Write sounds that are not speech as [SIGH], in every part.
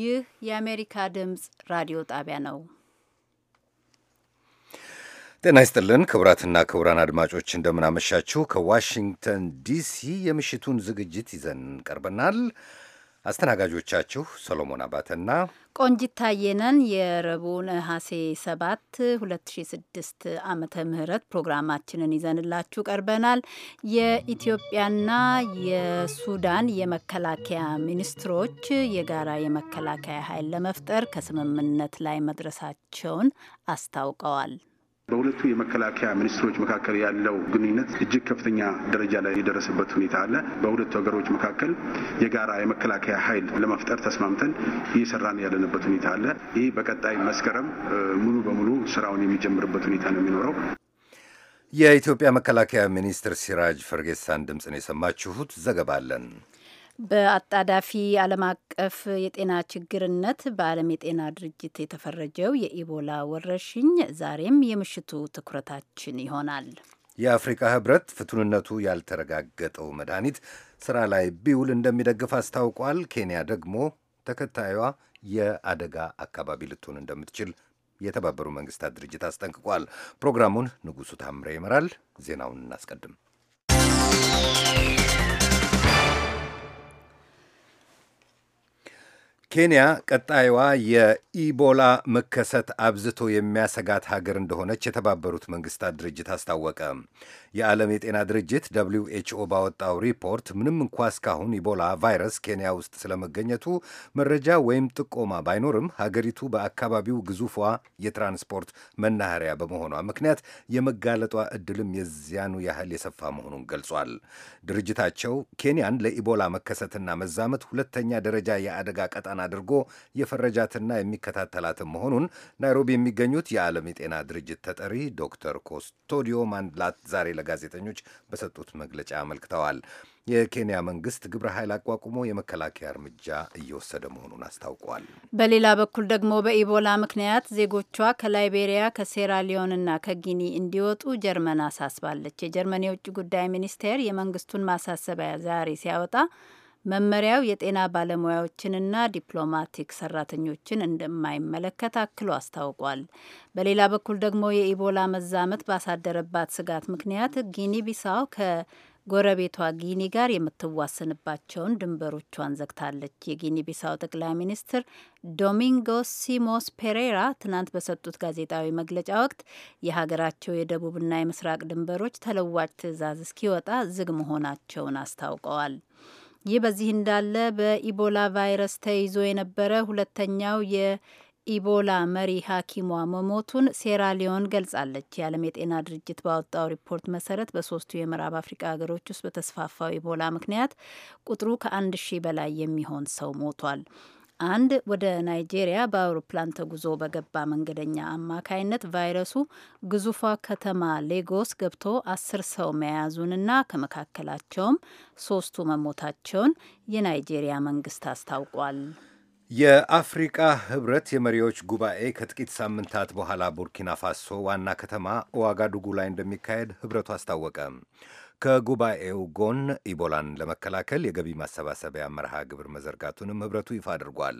ይህ የአሜሪካ ድምፅ ራዲዮ ጣቢያ ነው። ጤና ይስጥልን ክቡራትና ክቡራን አድማጮች እንደምናመሻችሁ። ከዋሽንግተን ዲሲ የምሽቱን ዝግጅት ይዘን ቀርበናል። አስተናጋጆቻችሁ ሰሎሞን አባተና ቆንጂት ታየነን የረቡዕ ነሐሴ 7 2006 ዓመተ ምህረት ፕሮግራማችንን ይዘንላችሁ ቀርበናል። የኢትዮጵያና የሱዳን የመከላከያ ሚኒስትሮች የጋራ የመከላከያ ኃይል ለመፍጠር ከስምምነት ላይ መድረሳቸውን አስታውቀዋል። በሁለቱ የመከላከያ ሚኒስትሮች መካከል ያለው ግንኙነት እጅግ ከፍተኛ ደረጃ ላይ የደረሰበት ሁኔታ አለ። በሁለቱ ሀገሮች መካከል የጋራ የመከላከያ ኃይል ለመፍጠር ተስማምተን እየሰራን ያለንበት ሁኔታ አለ። ይህ በቀጣይ መስከረም ሙሉ በሙሉ ስራውን የሚጀምርበት ሁኔታ ነው የሚኖረው። የኢትዮጵያ መከላከያ ሚኒስትር ሲራጅ ፈርጌሳን ድምፅን የሰማችሁት ዘገባ አለን። በአጣዳፊ ዓለም አቀፍ የጤና ችግርነት በዓለም የጤና ድርጅት የተፈረጀው የኢቦላ ወረርሽኝ ዛሬም የምሽቱ ትኩረታችን ይሆናል። የአፍሪካ ህብረት ፍቱንነቱ ያልተረጋገጠው መድኃኒት ስራ ላይ ቢውል እንደሚደግፍ አስታውቋል። ኬንያ ደግሞ ተከታዩዋ የአደጋ አካባቢ ልትሆን እንደምትችል የተባበሩ መንግስታት ድርጅት አስጠንቅቋል። ፕሮግራሙን ንጉሱ ታምረ ይመራል። ዜናውን እናስቀድም። ኬንያ ቀጣይዋ የኢቦላ መከሰት አብዝቶ የሚያሰጋት ሀገር እንደሆነች የተባበሩት መንግስታት ድርጅት አስታወቀ። የዓለም የጤና ድርጅት ደብሊው ኤችኦ ባወጣው ሪፖርት ምንም እንኳ እስካሁን ኢቦላ ቫይረስ ኬንያ ውስጥ ስለመገኘቱ መረጃ ወይም ጥቆማ ባይኖርም ሀገሪቱ በአካባቢው ግዙፏ የትራንስፖርት መናኸሪያ በመሆኗ ምክንያት የመጋለጧ እድልም የዚያኑ ያህል የሰፋ መሆኑን ገልጿል። ድርጅታቸው ኬንያን ለኢቦላ መከሰትና መዛመት ሁለተኛ ደረጃ የአደጋ ቀጠና አድርጎ የፈረጃትና የሚከታተላትም መሆኑን ናይሮቢ የሚገኙት የዓለም የጤና ድርጅት ተጠሪ ዶክተር ኮስቶዲዮ ማንድላት ዛሬ ለጋዜጠኞች በሰጡት መግለጫ አመልክተዋል። የኬንያ መንግስት ግብረ ኃይል አቋቁሞ የመከላከያ እርምጃ እየወሰደ መሆኑን አስታውቋል። በሌላ በኩል ደግሞ በኢቦላ ምክንያት ዜጎቿ ከላይቤሪያ ከሴራሊዮንና ከጊኒ እንዲወጡ ጀርመን አሳስባለች። የጀርመን የውጭ ጉዳይ ሚኒስቴር የመንግስቱን ማሳሰቢያ ዛሬ ሲያወጣ መመሪያው የጤና ባለሙያዎችንና ዲፕሎማቲክ ሰራተኞችን እንደማይመለከት አክሎ አስታውቋል። በሌላ በኩል ደግሞ የኢቦላ መዛመት ባሳደረባት ስጋት ምክንያት ጊኒ ቢሳው ከጎረቤቷ ጊኒ ጋር የምትዋሰንባቸውን ድንበሮቿን ዘግታለች። የጊኒ ቢሳው ጠቅላይ ሚኒስትር ዶሚንጎስ ሲሞስ ፔሬራ ትናንት በሰጡት ጋዜጣዊ መግለጫ ወቅት የሀገራቸው የደቡብና የምስራቅ ድንበሮች ተለዋጭ ትዕዛዝ እስኪወጣ ዝግ መሆናቸውን አስታውቀዋል። ይህ በዚህ እንዳለ በኢቦላ ቫይረስ ተይዞ የነበረ ሁለተኛው የኢቦላ መሪ ሐኪሟ መሞቱን ሴራሊዮን ገልጻለች። የዓለም የጤና ድርጅት ባወጣው ሪፖርት መሰረት በሶስቱ የምዕራብ አፍሪካ ሀገሮች ውስጥ በተስፋፋው ኢቦላ ምክንያት ቁጥሩ ከአንድ ሺህ በላይ የሚሆን ሰው ሞቷል። አንድ ወደ ናይጄሪያ በአውሮፕላን ተጉዞ በገባ መንገደኛ አማካይነት ቫይረሱ ግዙፏ ከተማ ሌጎስ ገብቶ አስር ሰው መያዙንና ከመካከላቸውም ሶስቱ መሞታቸውን የናይጄሪያ መንግስት አስታውቋል። የአፍሪቃ ህብረት የመሪዎች ጉባኤ ከጥቂት ሳምንታት በኋላ ቡርኪና ፋሶ ዋና ከተማ ዋጋዱጉ ላይ እንደሚካሄድ ህብረቱ አስታወቀ። ከጉባኤው ጎን ኢቦላን ለመከላከል የገቢ ማሰባሰቢያ መርሃ ግብር መዘርጋቱንም ህብረቱ ይፋ አድርጓል።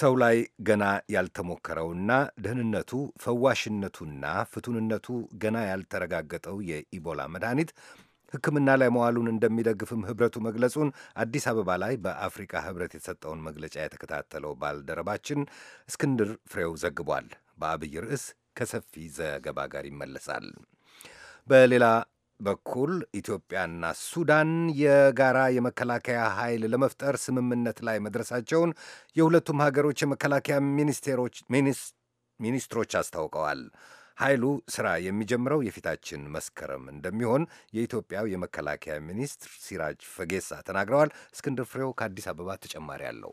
ሰው ላይ ገና ያልተሞከረውና ደህንነቱ ፈዋሽነቱና ፍቱንነቱ ገና ያልተረጋገጠው የኢቦላ መድኃኒት ሕክምና ላይ መዋሉን እንደሚደግፍም ህብረቱ መግለጹን አዲስ አበባ ላይ በአፍሪካ ህብረት የተሰጠውን መግለጫ የተከታተለው ባልደረባችን እስክንድር ፍሬው ዘግቧል። በአብይ ርዕስ ከሰፊ ዘገባ ጋር ይመለሳል። በሌላ በኩል ኢትዮጵያና ሱዳን የጋራ የመከላከያ ኃይል ለመፍጠር ስምምነት ላይ መድረሳቸውን የሁለቱም ሀገሮች የመከላከያ ሚኒስትሮች አስታውቀዋል። ኃይሉ ስራ የሚጀምረው የፊታችን መስከረም እንደሚሆን የኢትዮጵያው የመከላከያ ሚኒስትር ሲራጅ ፈጌሳ ተናግረዋል። እስክንድር ፍሬው ከአዲስ አበባ ተጨማሪ አለው።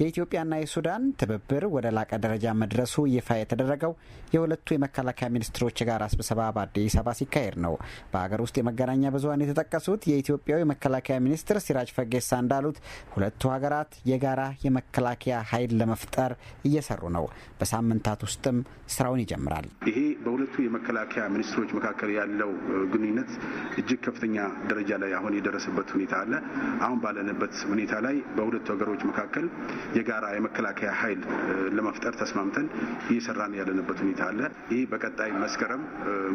የኢትዮጵያና የሱዳን ትብብር ወደ ላቀ ደረጃ መድረሱ ይፋ የተደረገው የሁለቱ የመከላከያ ሚኒስትሮች የጋራ ስብሰባ በአዲስ አበባ ሲካሄድ ነው። በሀገር ውስጥ የመገናኛ ብዙኃን የተጠቀሱት የኢትዮጵያው የመከላከያ ሚኒስትር ሲራጅ ፈጌሳ እንዳሉት ሁለቱ ሀገራት የጋራ የመከላከያ ኃይል ለመፍጠር እየሰሩ ነው። በሳምንታት ውስጥም ስራውን ይጀምራል። ይሄ በሁለቱ የመከላከያ ሚኒስትሮች መካከል ያለው ግንኙነት እጅግ ከፍተኛ ደረጃ ላይ አሁን የደረሰበት ሁኔታ አለ። አሁን ባለንበት ሁኔታ ላይ በሁለቱ ሀገሮች መካከል የጋራ የመከላከያ ኃይል ለመፍጠር ተስማምተን እየሰራን ያለንበት ሁኔታ አለ። ይህ በቀጣይ መስከረም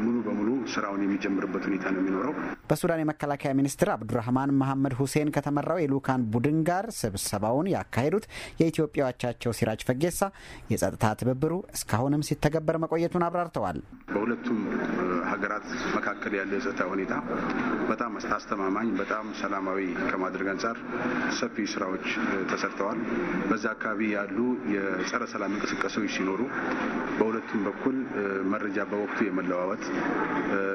ሙሉ በሙሉ ስራውን የሚጀምርበት ሁኔታ ነው የሚኖረው። በሱዳን የመከላከያ ሚኒስትር አብዱራህማን መሐመድ ሁሴን ከተመራው የልኡካን ቡድን ጋር ስብሰባውን ያካሄዱት የኢትዮጵያ አቻቸው ሲራጅ ፈጌሳ የጸጥታ ትብብሩ እስካሁንም ሲተገበር መቆየቱን አብራርተዋል። በሁለቱም ሀገራት መካከል ያለ የጸጥታ ሁኔታ በጣም አስተማማኝ፣ በጣም ሰላማዊ ከማድረግ አንጻር ሰፊ ስራዎች ተሰርተዋል። በዛ አካባቢ ያሉ የጸረ ሰላም እንቅስቃሴዎች ሲኖሩ በሁለቱም በኩል መረጃ በወቅቱ የመለዋወጥ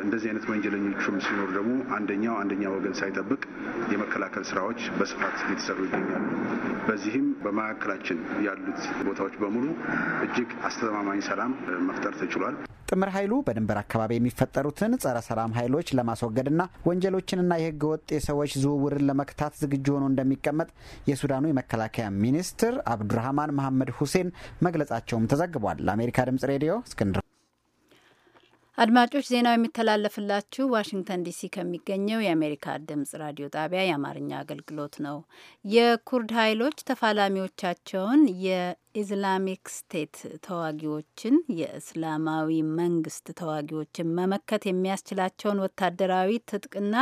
እንደዚህ አይነት ወንጀለኞቹም ሲኖሩ ደግሞ አንደኛው አንደኛ ወገን ሳይጠብቅ የመከላከል ስራዎች በስፋት እየተሰሩ ይገኛሉ። በዚህም በመካከላችን ያሉት ቦታዎች በሙሉ እጅግ አስተማማኝ ሰላም መፍጠር ተችሏል። ጥምር ኃይሉ በድንበር አካባቢ የሚፈጠሩትን ጸረ ሰላም ኃይሎች ለማስወገድና ወንጀሎችንና የህገ ወጥ የሰዎች ዝውውርን ለመክታት ዝግጁ ሆኖ እንደሚቀመጥ የሱዳኑ የመከላከያ ሚኒስትር አብዱራህማን መሐመድ ሁሴን መግለጻቸውም ተዘግቧል። ለአሜሪካ ድምጽ ሬዲዮ እስክንድር አድማጮች ዜናው የሚተላለፍላችሁ ዋሽንግተን ዲሲ ከሚገኘው የአሜሪካ ድምጽ ራዲዮ ጣቢያ የአማርኛ አገልግሎት ነው። የኩርድ ኃይሎች ተፋላሚዎቻቸውን የኢስላሚክ ስቴት ተዋጊዎችን፣ የእስላማዊ መንግስት ተዋጊዎችን መመከት የሚያስችላቸውን ወታደራዊ ትጥቅና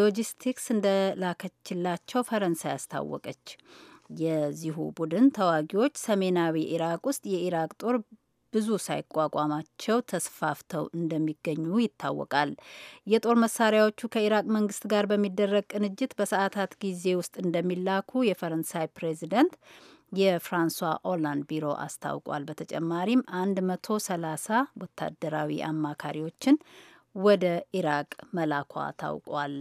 ሎጂስቲክስ እንደላከችላቸው ፈረንሳይ አስታወቀች። የዚሁ ቡድን ተዋጊዎች ሰሜናዊ ኢራቅ ውስጥ የኢራቅ ጦር ብዙ ሳይቋቋማቸው ተስፋፍተው እንደሚገኙ ይታወቃል። የጦር መሳሪያዎቹ ከኢራቅ መንግስት ጋር በሚደረግ ቅንጅት በሰዓታት ጊዜ ውስጥ እንደሚላኩ የፈረንሳይ ፕሬዚደንት የፍራንሷ ኦላንድ ቢሮ አስታውቋል። በተጨማሪም 130 ወታደራዊ አማካሪዎችን ወደ ኢራቅ መላኳ ታውቋል።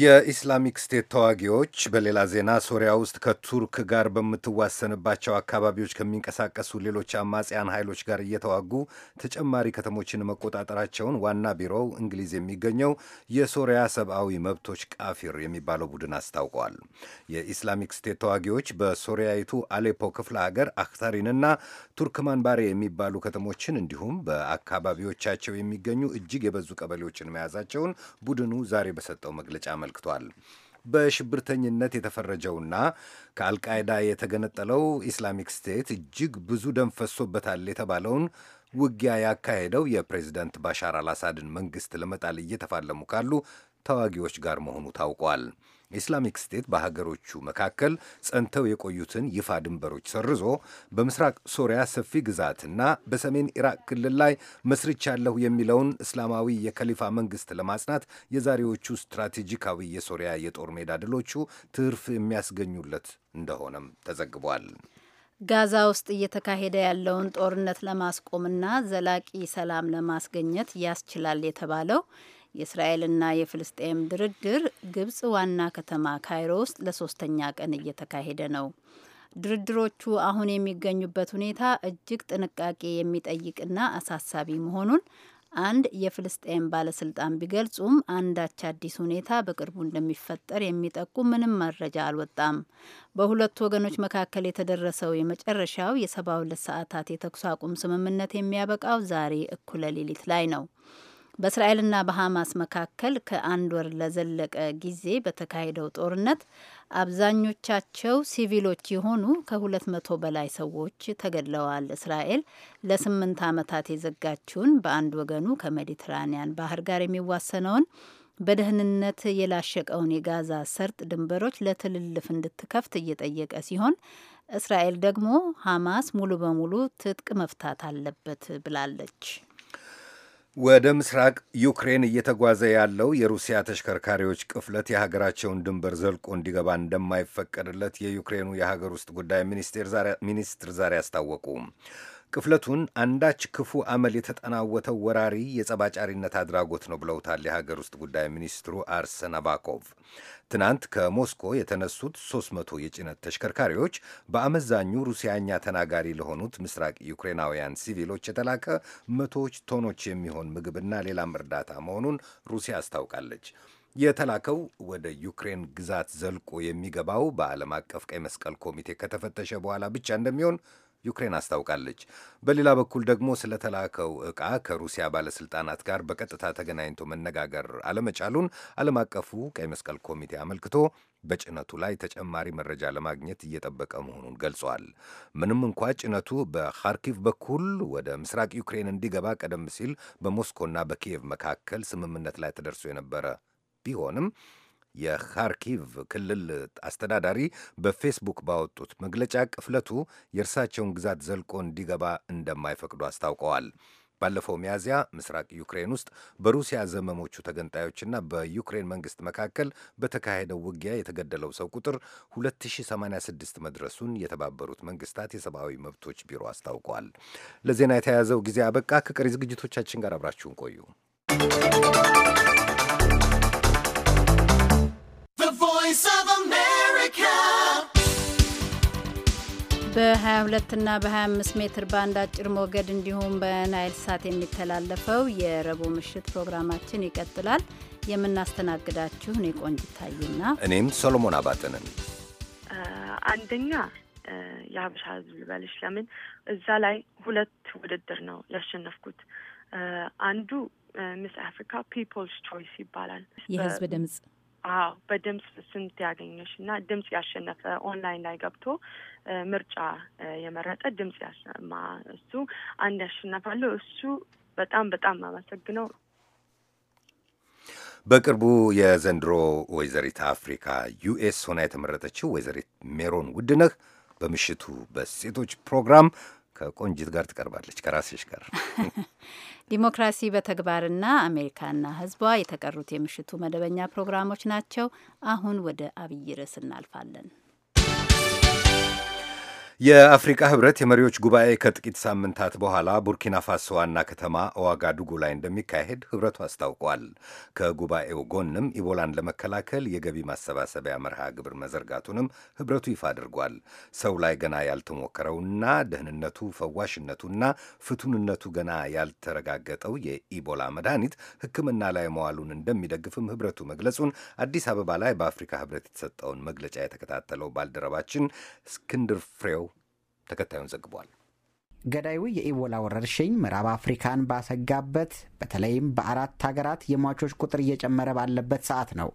የኢስላሚክ ስቴት ተዋጊዎች በሌላ ዜና ሶሪያ ውስጥ ከቱርክ ጋር በምትዋሰንባቸው አካባቢዎች ከሚንቀሳቀሱ ሌሎች አማጽያን ኃይሎች ጋር እየተዋጉ ተጨማሪ ከተሞችን መቆጣጠራቸውን ዋና ቢሮው እንግሊዝ የሚገኘው የሶሪያ ሰብአዊ መብቶች ቃፊር የሚባለው ቡድን አስታውቋል። የኢስላሚክ ስቴት ተዋጊዎች በሶሪያዊቱ አሌፖ ክፍለ ሀገር አክታሪንና ቱርክማን ባሬ የሚባሉ ከተሞችን እንዲሁም በአካባቢዎቻቸው የሚገኙ እጅግ የበዙ ቀበሌዎችን መያዛቸውን ቡድኑ ዛሬ በሰጠው መግለጫ አመልክቷል። በሽብርተኝነት የተፈረጀውና ከአልቃይዳ የተገነጠለው ኢስላሚክ ስቴት እጅግ ብዙ ደም ፈሶበታል የተባለውን ውጊያ ያካሄደው የፕሬዚደንት ባሻር አልአሳድን መንግሥት ለመጣል እየተፋለሙ ካሉ ተዋጊዎች ጋር መሆኑ ታውቋል። ኢስላሚክ ስቴት በሀገሮቹ መካከል ጸንተው የቆዩትን ይፋ ድንበሮች ሰርዞ በምስራቅ ሶሪያ ሰፊ ግዛትና በሰሜን ኢራቅ ክልል ላይ መስርቻለሁ የሚለውን እስላማዊ የከሊፋ መንግስት ለማጽናት የዛሬዎቹ ስትራቴጂካዊ የሶሪያ የጦር ሜዳ ድሎቹ ትርፍ የሚያስገኙለት እንደሆነም ተዘግቧል። ጋዛ ውስጥ እየተካሄደ ያለውን ጦርነት ለማስቆምና ዘላቂ ሰላም ለማስገኘት ያስችላል የተባለው የእስራኤልና የፍልስጤም ድርድር ግብጽ ዋና ከተማ ካይሮ ውስጥ ለሶስተኛ ቀን እየተካሄደ ነው። ድርድሮቹ አሁን የሚገኙበት ሁኔታ እጅግ ጥንቃቄ የሚጠይቅና አሳሳቢ መሆኑን አንድ የፍልስጤም ባለስልጣን ቢገልጹም አንዳች አዲስ ሁኔታ በቅርቡ እንደሚፈጠር የሚጠቁም ምንም መረጃ አልወጣም። በሁለቱ ወገኖች መካከል የተደረሰው የመጨረሻው የሰባ ሁለት ሰዓታት የተኩስ አቁም ስምምነት የሚያበቃው ዛሬ እኩለ ሌሊት ላይ ነው። በእስራኤልና በሐማስ መካከል ከአንድ ወር ለዘለቀ ጊዜ በተካሄደው ጦርነት አብዛኞቻቸው ሲቪሎች የሆኑ ከሁለት መቶ በላይ ሰዎች ተገድለዋል። እስራኤል ለስምንት ዓመታት የዘጋችውን በአንድ ወገኑ ከሜዲትራኒያን ባህር ጋር የሚዋሰነውን በደህንነት የላሸቀውን የጋዛ ሰርጥ ድንበሮች ለትልልፍ እንድትከፍት እየጠየቀ ሲሆን እስራኤል ደግሞ ሐማስ ሙሉ በሙሉ ትጥቅ መፍታት አለበት ብላለች። ወደ ምስራቅ ዩክሬን እየተጓዘ ያለው የሩሲያ ተሽከርካሪዎች ቅፍለት የሀገራቸውን ድንበር ዘልቆ እንዲገባ እንደማይፈቀድለት የዩክሬኑ የሀገር ውስጥ ጉዳይ ሚኒስትር ዛሬ አስታወቁ። ቅፍለቱን አንዳች ክፉ አመል የተጠናወተው ወራሪ የጸባጫሪነት አድራጎት ነው ብለውታል የሀገር ውስጥ ጉዳይ ሚኒስትሩ አርሰን አቫኮቭ። ትናንት ከሞስኮ የተነሱት 300 የጭነት ተሽከርካሪዎች በአመዛኙ ሩሲያኛ ተናጋሪ ለሆኑት ምስራቅ ዩክሬናውያን ሲቪሎች የተላከ መቶዎች ቶኖች የሚሆን ምግብና ሌላም እርዳታ መሆኑን ሩሲያ አስታውቃለች። የተላከው ወደ ዩክሬን ግዛት ዘልቆ የሚገባው በዓለም አቀፍ ቀይ መስቀል ኮሚቴ ከተፈተሸ በኋላ ብቻ እንደሚሆን ዩክሬን አስታውቃለች። በሌላ በኩል ደግሞ ስለተላከው ዕቃ ከሩሲያ ባለስልጣናት ጋር በቀጥታ ተገናኝቶ መነጋገር አለመቻሉን ዓለም አቀፉ ቀይ መስቀል ኮሚቴ አመልክቶ በጭነቱ ላይ ተጨማሪ መረጃ ለማግኘት እየጠበቀ መሆኑን ገልጿል። ምንም እንኳ ጭነቱ በካርኪቭ በኩል ወደ ምስራቅ ዩክሬን እንዲገባ ቀደም ሲል በሞስኮና በኪየቭ መካከል ስምምነት ላይ ተደርሶ የነበረ ቢሆንም የካርኪቭ ክልል አስተዳዳሪ በፌስቡክ ባወጡት መግለጫ ቅፍለቱ የእርሳቸውን ግዛት ዘልቆ እንዲገባ እንደማይፈቅዱ አስታውቀዋል። ባለፈው ሚያዝያ ምስራቅ ዩክሬን ውስጥ በሩሲያ ዘመሞቹ ተገንጣዮችና በዩክሬን መንግስት መካከል በተካሄደው ውጊያ የተገደለው ሰው ቁጥር 2086 መድረሱን የተባበሩት መንግስታት የሰብአዊ መብቶች ቢሮ አስታውቋል። ለዜና የተያያዘው ጊዜ አበቃ። ከቀሪ ዝግጅቶቻችን ጋር አብራችሁን ቆዩ። በ22 እና በ25 ሜትር ባንድ አጭር ሞገድ እንዲሁም በናይል ሳት የሚተላለፈው የረቡዕ ምሽት ፕሮግራማችን ይቀጥላል። የምናስተናግዳችሁ እኔ ቆንጅ ታይና እኔም ሰሎሞን አባተንን። አንደኛ የሀበሻ ህዝብ ልበልሽ። ለምን እዛ ላይ ሁለት ውድድር ነው ያሸነፍኩት። አንዱ ሚስ አፍሪካ ፒፕልስ ቾይስ ይባላል የህዝብ ድምጽ አዎ በድምጽ ስንት ያገኘሽ እና ድምጽ ያሸነፈ ኦንላይን ላይ ገብቶ ምርጫ የመረጠ ድምጽ ያሰማ እሱ አንድ ያሸነፋለሁ። እሱ በጣም በጣም አመሰግነው። በቅርቡ የዘንድሮ ወይዘሪት አፍሪካ ዩኤስ ሆና የተመረጠችው ወይዘሪት ሜሮን ውድነህ በምሽቱ በሴቶች ፕሮግራም ከቆንጂት ጋር ትቀርባለች ከራሴሽ ጋር [LAUGHS] ዲሞክራሲ በተግባርና አሜሪካና ህዝቧ የተቀሩት የምሽቱ መደበኛ ፕሮግራሞች ናቸው። አሁን ወደ አብይ ርዕስ እናልፋለን። የአፍሪቃ ህብረት የመሪዎች ጉባኤ ከጥቂት ሳምንታት በኋላ ቡርኪና ፋሶ ዋና ከተማ ኦዋጋዱጉ ላይ እንደሚካሄድ ህብረቱ አስታውቋል። ከጉባኤው ጎንም ኢቦላን ለመከላከል የገቢ ማሰባሰቢያ መርሃ ግብር መዘርጋቱንም ህብረቱ ይፋ አድርጓል። ሰው ላይ ገና ያልተሞከረውና ደህንነቱ ፈዋሽነቱና ፍቱንነቱ ገና ያልተረጋገጠው የኢቦላ መድኃኒት ሕክምና ላይ መዋሉን እንደሚደግፍም ህብረቱ መግለጹን አዲስ አበባ ላይ በአፍሪካ ህብረት የተሰጠውን መግለጫ የተከታተለው ባልደረባችን እስክንድር ፍሬው ተከታዩን ዘግቧል። ገዳዩ የኢቦላ ወረርሽኝ ምዕራብ አፍሪካን ባሰጋበት በተለይም በአራት ሀገራት የሟቾች ቁጥር እየጨመረ ባለበት ሰዓት ነው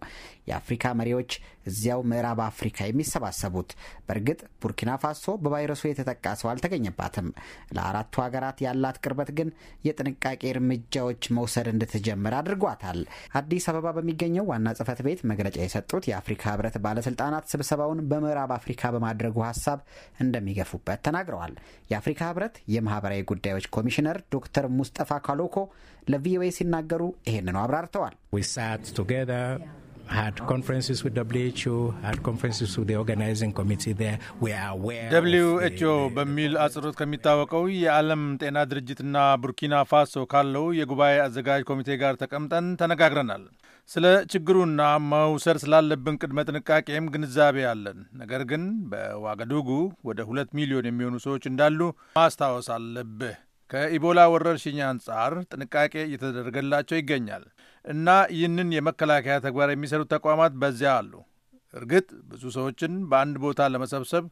የአፍሪካ መሪዎች እዚያው ምዕራብ አፍሪካ የሚሰባሰቡት። በእርግጥ ቡርኪና ፋሶ በቫይረሱ የተጠቃ ሰው አልተገኘባትም። ለአራቱ ሀገራት ያላት ቅርበት ግን የጥንቃቄ እርምጃዎች መውሰድ እንድትጀምር አድርጓታል። አዲስ አበባ በሚገኘው ዋና ጽህፈት ቤት መግለጫ የሰጡት የአፍሪካ ህብረት ባለስልጣናት ስብሰባውን በምዕራብ አፍሪካ በማድረጉ ሀሳብ እንደሚገፉበት ተናግረዋል። የአፍሪካ ህብረት የማህበራዊ ጉዳዮች ኮሚሽነር ዶክተር ሙስጠፋ ካሎኮ ለቪኦኤ ሲናገሩ ይህንኑ አብራርተዋል። ደብልዩ ኤች ኦ በሚል አጽሮት ከሚታወቀው የዓለም ጤና ድርጅትና ቡርኪና ፋሶ ካለው የጉባኤ አዘጋጅ ኮሚቴ ጋር ተቀምጠን ተነጋግረናል። ስለ ችግሩና መውሰድ ስላለብን ቅድመ ጥንቃቄም ግንዛቤ አለን። ነገር ግን በዋጋዱጉ ወደ ሁለት ሚሊዮን የሚሆኑ ሰዎች እንዳሉ ማስታወስ አለብህ። ከኢቦላ ወረርሽኝ አንጻር ጥንቃቄ እየተደረገላቸው ይገኛል። እና ይህንን የመከላከያ ተግባር የሚሰሩ ተቋማት በዚያ አሉ። እርግጥ ብዙ ሰዎችን በአንድ ቦታ ለመሰብሰብ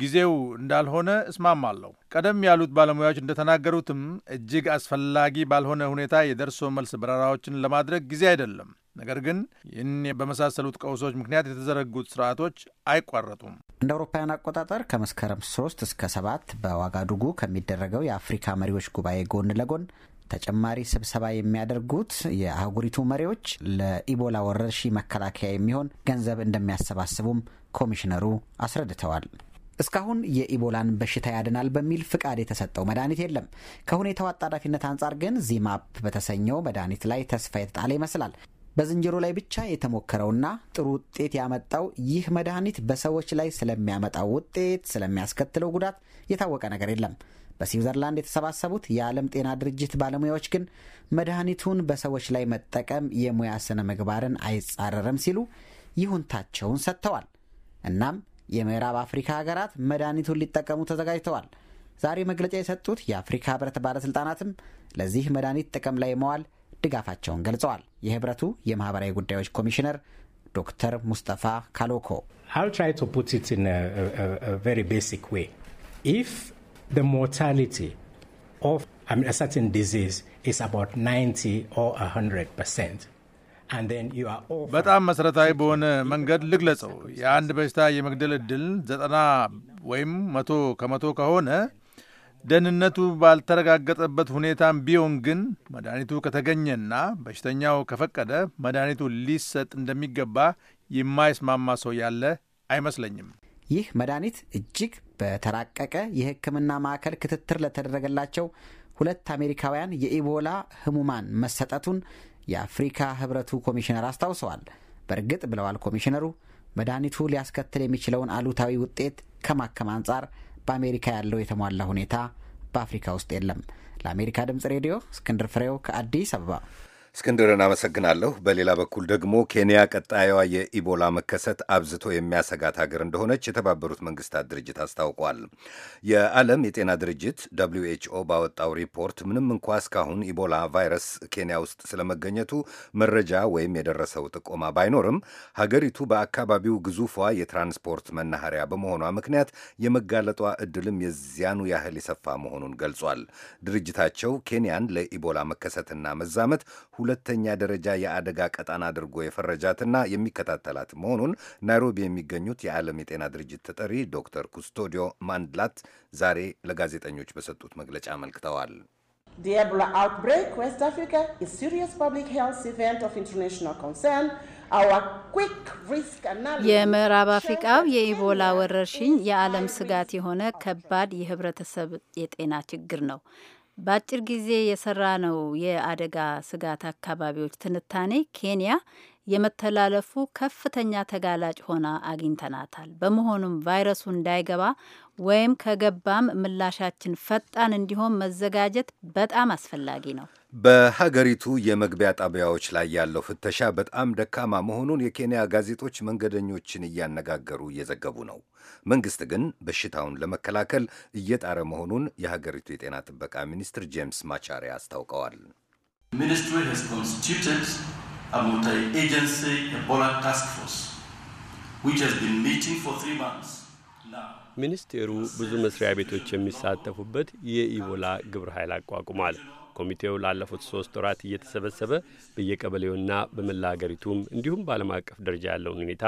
ጊዜው እንዳልሆነ እስማማለሁ። ቀደም ያሉት ባለሙያዎች እንደተናገሩትም እጅግ አስፈላጊ ባልሆነ ሁኔታ የደርሶ መልስ በረራዎችን ለማድረግ ጊዜ አይደለም። ነገር ግን ይህን በመሳሰሉት ቀውሶች ምክንያት የተዘረጉት ስርዓቶች አይቋረጡም። እንደ አውሮፓውያን አቆጣጠር ከመስከረም 3 እስከ 7 በዋጋዱጉ ከሚደረገው የአፍሪካ መሪዎች ጉባኤ ጎን ለጎን ተጨማሪ ስብሰባ የሚያደርጉት የአህጉሪቱ መሪዎች ለኢቦላ ወረርሺ መከላከያ የሚሆን ገንዘብ እንደሚያሰባስቡም ኮሚሽነሩ አስረድተዋል። እስካሁን የኢቦላን በሽታ ያድናል በሚል ፍቃድ የተሰጠው መድኃኒት የለም። ከሁኔታው አጣዳፊነት አንጻር ግን ዚማፕ በተሰኘው መድኃኒት ላይ ተስፋ የተጣለ ይመስላል። በዝንጀሮ ላይ ብቻ የተሞከረውና ጥሩ ውጤት ያመጣው ይህ መድኃኒት በሰዎች ላይ ስለሚያመጣው ውጤት፣ ስለሚያስከትለው ጉዳት የታወቀ ነገር የለም። በስዊዘርላንድ የተሰባሰቡት የዓለም ጤና ድርጅት ባለሙያዎች ግን መድኃኒቱን በሰዎች ላይ መጠቀም የሙያ ስነ ምግባርን አይጻረርም ሲሉ ይሁንታቸውን ሰጥተዋል። እናም የምዕራብ አፍሪካ ሀገራት መድኃኒቱን ሊጠቀሙ ተዘጋጅተዋል። ዛሬ መግለጫ የሰጡት የአፍሪካ ህብረት ባለሥልጣናትም ለዚህ መድኃኒት ጥቅም ላይ መዋል ድጋፋቸውን ገልጸዋል። የህብረቱ የማኅበራዊ ጉዳዮች ኮሚሽነር ዶክተር ሙስጠፋ ካሎኮ the mortality of I mean, a certain disease is about 90 or 100 percent. በጣም መሰረታዊ በሆነ መንገድ ልግለጸው። የአንድ በሽታ የመግደል ዕድል ዘጠና ወይም መቶ ከመቶ ከሆነ ደህንነቱ ባልተረጋገጠበት ሁኔታም ቢሆን ግን መድኃኒቱ ከተገኘና በሽተኛው ከፈቀደ መድኃኒቱ ሊሰጥ እንደሚገባ የማይስማማ ሰው ያለ አይመስለኝም። ይህ መድኃኒት እጅግ በተራቀቀ የሕክምና ማዕከል ክትትር ለተደረገላቸው ሁለት አሜሪካውያን የኢቦላ ህሙማን መሰጠቱን የአፍሪካ ህብረቱ ኮሚሽነር አስታውሰዋል። በእርግጥ ብለዋል ኮሚሽነሩ፣ መድኃኒቱ ሊያስከትል የሚችለውን አሉታዊ ውጤት ከማከም አንጻር በአሜሪካ ያለው የተሟላ ሁኔታ በአፍሪካ ውስጥ የለም። ለአሜሪካ ድምፅ ሬዲዮ እስክንድር ፍሬው ከአዲስ አበባ እስክንድርን አመሰግናለሁ። በሌላ በኩል ደግሞ ኬንያ ቀጣዩዋ የኢቦላ መከሰት አብዝቶ የሚያሰጋት ሀገር እንደሆነች የተባበሩት መንግስታት ድርጅት አስታውቋል። የዓለም የጤና ድርጅት ደብልዩ ኤችኦ ባወጣው ሪፖርት ምንም እንኳ እስካሁን ኢቦላ ቫይረስ ኬንያ ውስጥ ስለመገኘቱ መረጃ ወይም የደረሰው ጥቆማ ባይኖርም ሀገሪቱ በአካባቢው ግዙፏ የትራንስፖርት መናኸሪያ በመሆኗ ምክንያት የመጋለጧ እድልም የዚያኑ ያህል የሰፋ መሆኑን ገልጿል። ድርጅታቸው ኬንያን ለኢቦላ መከሰትና መዛመት ሁለተኛ ደረጃ የአደጋ ቀጣና አድርጎ የፈረጃትና የሚከታተላት መሆኑን ናይሮቢ የሚገኙት የዓለም የጤና ድርጅት ተጠሪ ዶክተር ኩስቶዲዮ ማንድላት ዛሬ ለጋዜጠኞች በሰጡት መግለጫ አመልክተዋል። የኢቦላ አውትብሬክ ዌስት የምዕራብ አፍሪቃው የኢቦላ ወረርሽኝ የዓለም ስጋት የሆነ ከባድ የህብረተሰብ የጤና ችግር ነው። በአጭር ጊዜ የሰራ ነው የአደጋ ስጋት አካባቢዎች ትንታኔ ኬንያ የመተላለፉ ከፍተኛ ተጋላጭ ሆና አግኝተናታል። በመሆኑም ቫይረሱ እንዳይገባ ወይም ከገባም ምላሻችን ፈጣን እንዲሆን መዘጋጀት በጣም አስፈላጊ ነው። በሀገሪቱ የመግቢያ ጣቢያዎች ላይ ያለው ፍተሻ በጣም ደካማ መሆኑን የኬንያ ጋዜጦች መንገደኞችን እያነጋገሩ እየዘገቡ ነው። መንግስት ግን በሽታውን ለመከላከል እየጣረ መሆኑን የሀገሪቱ የጤና ጥበቃ ሚኒስትር ጄምስ ማቻሪ አስታውቀዋል። ሚኒስቴሩ ብዙ መስሪያ ቤቶች የሚሳተፉበት የኢቦላ ግብረ ኃይል አቋቁሟል። ኮሚቴው ላለፉት ሶስት ወራት እየተሰበሰበ በየቀበሌውና በመላ አገሪቱም እንዲሁም በዓለም አቀፍ ደረጃ ያለውን ሁኔታ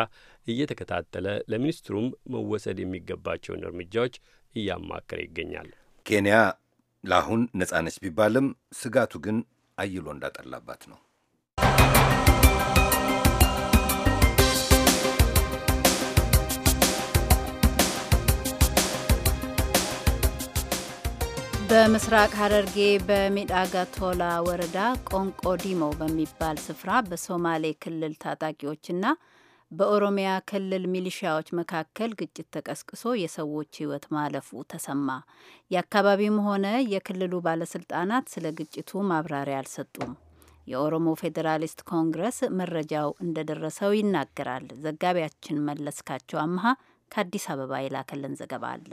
እየተከታተለ ለሚኒስትሩም መወሰድ የሚገባቸውን እርምጃዎች እያማከረ ይገኛል። ኬንያ ለአሁን ነጻነች ቢባልም ስጋቱ ግን አይሎ እንዳጠላባት ነው። በምስራቅ ሐረርጌ በሚዳጋ ቶላ ወረዳ ቆንቆ ዲሞ በሚባል ስፍራ በሶማሌ ክልል ታጣቂዎችና በኦሮሚያ ክልል ሚሊሺያዎች መካከል ግጭት ተቀስቅሶ የሰዎች ሕይወት ማለፉ ተሰማ። የአካባቢውም ሆነ የክልሉ ባለስልጣናት ስለ ግጭቱ ማብራሪያ አልሰጡም። የኦሮሞ ፌዴራሊስት ኮንግረስ መረጃው እንደደረሰው ይናገራል። ዘጋቢያችን መለስካቸው አምሃ ከአዲስ አበባ የላከልን ዘገባ አለ።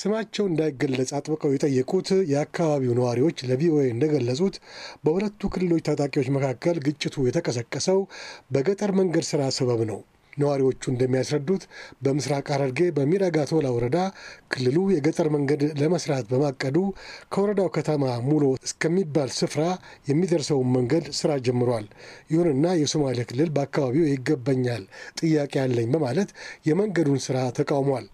ስማቸው እንዳይገለጽ አጥብቀው የጠየቁት የአካባቢው ነዋሪዎች ለቪኦኤ እንደገለጹት በሁለቱ ክልሎች ታጣቂዎች መካከል ግጭቱ የተቀሰቀሰው በገጠር መንገድ ስራ ሰበብ ነው። ነዋሪዎቹ እንደሚያስረዱት በምስራቅ ሐረርጌ በሚረጋ ቶላ ወረዳ ክልሉ የገጠር መንገድ ለመስራት በማቀዱ ከወረዳው ከተማ ሙሎ እስከሚባል ስፍራ የሚደርሰውን መንገድ ስራ ጀምሯል። ይሁንና የሶማሌ ክልል በአካባቢው ይገባኛል ጥያቄ አለኝ በማለት የመንገዱን ስራ ተቃውሟል።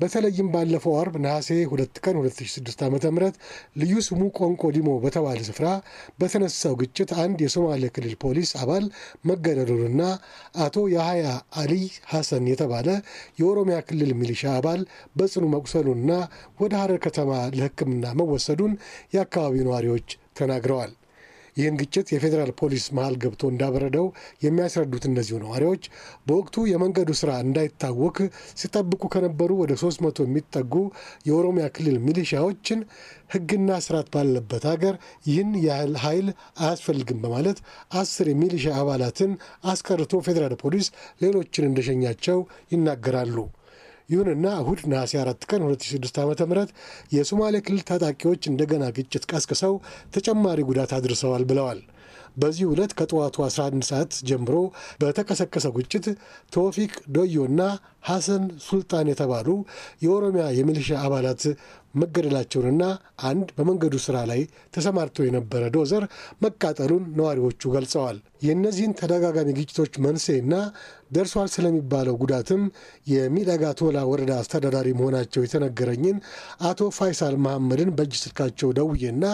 በተለይም ባለፈው አርብ ነሐሴ 2 ቀን 2006 ዓ ም ልዩ ስሙ ቆንቆ ዲሞ በተባለ ስፍራ በተነሳው ግጭት አንድ የሶማሌ ክልል ፖሊስ አባል መገደሉንና አቶ የሀያ አሊይ ሐሰን የተባለ የኦሮሚያ ክልል ሚሊሻ አባል በጽኑ መቁሰሉንና ወደ ሐረር ከተማ ለሕክምና መወሰዱን የአካባቢው ነዋሪዎች ተናግረዋል። ይህን ግጭት የፌዴራል ፖሊስ መሀል ገብቶ እንዳበረደው የሚያስረዱት እነዚሁ ነዋሪዎች በወቅቱ የመንገዱ ስራ እንዳይታወክ ሲጠብቁ ከነበሩ ወደ ሶስት መቶ የሚጠጉ የኦሮሚያ ክልል ሚሊሻዎችን ህግና ስርዓት ባለበት ሀገር ይህን ያህል ኃይል አያስፈልግም በማለት አስር የሚሊሻ አባላትን አስቀርቶ ፌዴራል ፖሊስ ሌሎችን እንደሸኛቸው ይናገራሉ። ይሁንና እሁድ ነሐሴ 4 ቀን 2006 ዓ ም የሶማሌ ክልል ታጣቂዎች እንደገና ግጭት ቀስቅሰው ተጨማሪ ጉዳት አድርሰዋል ብለዋል። በዚህ ዕለት ከጠዋቱ 11 ሰዓት ጀምሮ በተቀሰቀሰው ግጭት ዶዮ ዶዮና ሐሰን ሱልጣን የተባሉ የኦሮሚያ የሚሊሻ አባላት መገደላቸውንና አንድ በመንገዱ ስራ ላይ ተሰማርቶ የነበረ ዶዘር መቃጠሉን ነዋሪዎቹ ገልጸዋል። የእነዚህን ተደጋጋሚ ግጭቶች መንስኤና ደርሷል ስለሚባለው ጉዳትም የሚለጋ ቶላ ወረዳ አስተዳዳሪ መሆናቸው የተነገረኝን አቶ ፋይሳል መሐመድን በእጅ ስልካቸው ደውዬና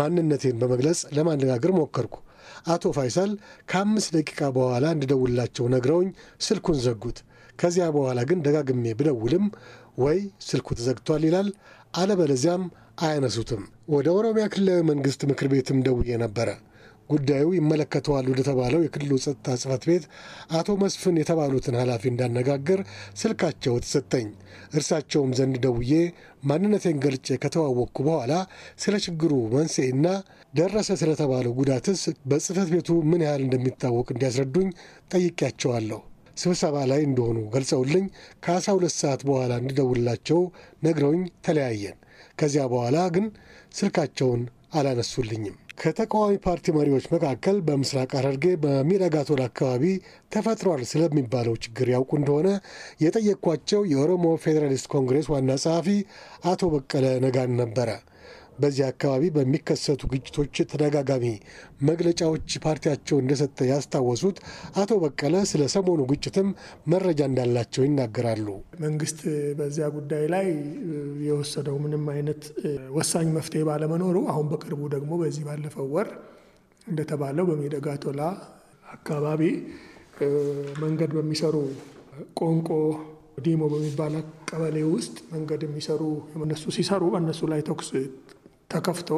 ማንነቴን በመግለጽ ለማነጋገር ሞከርኩ። አቶ ፋይሳል ከአምስት ደቂቃ በኋላ እንድደውላቸው ነግረውኝ ስልኩን ዘጉት። ከዚያ በኋላ ግን ደጋግሜ ብደውልም ወይ ስልኩ ተዘግቷል ይላል አለበለዚያም አያነሱትም። ወደ ኦሮሚያ ክልላዊ መንግስት ምክር ቤትም ደውዬ ነበረ። ጉዳዩ ይመለከተዋል ወደተባለው የክልሉ ጸጥታ ጽህፈት ቤት አቶ መስፍን የተባሉትን ኃላፊ እንዳነጋግር ስልካቸው ተሰጠኝ። እርሳቸውም ዘንድ ደውዬ ማንነቴን ገልጬ ከተዋወቅኩ በኋላ ስለ ችግሩ መንስኤና ደረሰ ስለተባለው ጉዳትስ በጽህፈት ቤቱ ምን ያህል እንደሚታወቅ እንዲያስረዱኝ ጠይቄያቸዋለሁ። ስብሰባ ላይ እንደሆኑ ገልጸውልኝ ከአስራ ሁለት ሰዓት በኋላ እንዲደውላቸው ነግረውኝ ተለያየን። ከዚያ በኋላ ግን ስልካቸውን አላነሱልኝም። ከተቃዋሚ ፓርቲ መሪዎች መካከል በምስራቅ ሐረርጌ በሚረጋቶል አካባቢ ተፈጥሯል ስለሚባለው ችግር ያውቁ እንደሆነ የጠየቅኳቸው የኦሮሞ ፌዴራሊስት ኮንግሬስ ዋና ጸሐፊ አቶ በቀለ ነጋን ነበረ። በዚህ አካባቢ በሚከሰቱ ግጭቶች ተደጋጋሚ መግለጫዎች ፓርቲያቸው እንደሰጠ ያስታወሱት አቶ በቀለ ስለ ሰሞኑ ግጭትም መረጃ እንዳላቸው ይናገራሉ። መንግስት በዚያ ጉዳይ ላይ የወሰደው ምንም አይነት ወሳኝ መፍትሄ ባለመኖሩ አሁን በቅርቡ ደግሞ በዚህ ባለፈው ወር እንደተባለው በሜደጋ ቶላ አካባቢ መንገድ በሚሰሩ ቆንቆ ዲሞ በሚባል ቀበሌ ውስጥ መንገድ የሚሰሩ እነሱ ሲሰሩ በእነሱ ላይ ተኩስ ተከፍቶ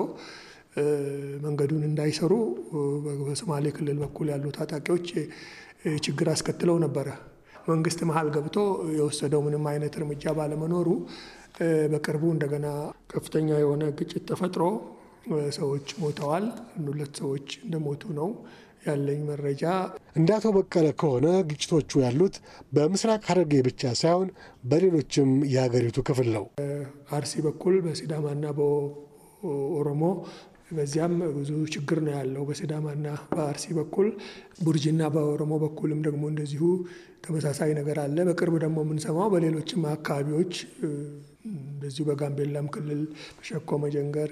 መንገዱን እንዳይሰሩ በሶማሌ ክልል በኩል ያሉ ታጣቂዎች ችግር አስከትለው ነበረ። መንግስት መሀል ገብቶ የወሰደው ምንም አይነት እርምጃ ባለመኖሩ በቅርቡ እንደገና ከፍተኛ የሆነ ግጭት ተፈጥሮ ሰዎች ሞተዋል። ሁለት ሰዎች እንደሞቱ ነው ያለኝ መረጃ። እንደ አቶ በቀለ ከሆነ ግጭቶቹ ያሉት በምስራቅ ሐረርጌ ብቻ ሳይሆን በሌሎችም የሀገሪቱ ክፍል ነው። አርሲ በኩል በሲዳማና ኦሮሞ በዚያም ብዙ ችግር ነው ያለው በሲዳማና በአርሲ በኩል ቡርጂና በኦሮሞ በኩልም ደግሞ እንደዚሁ ተመሳሳይ ነገር አለ። በቅርብ ደግሞ የምንሰማው በሌሎችም አካባቢዎች እንደዚሁ በጋምቤላም ክልል በሸኮ መጀንገር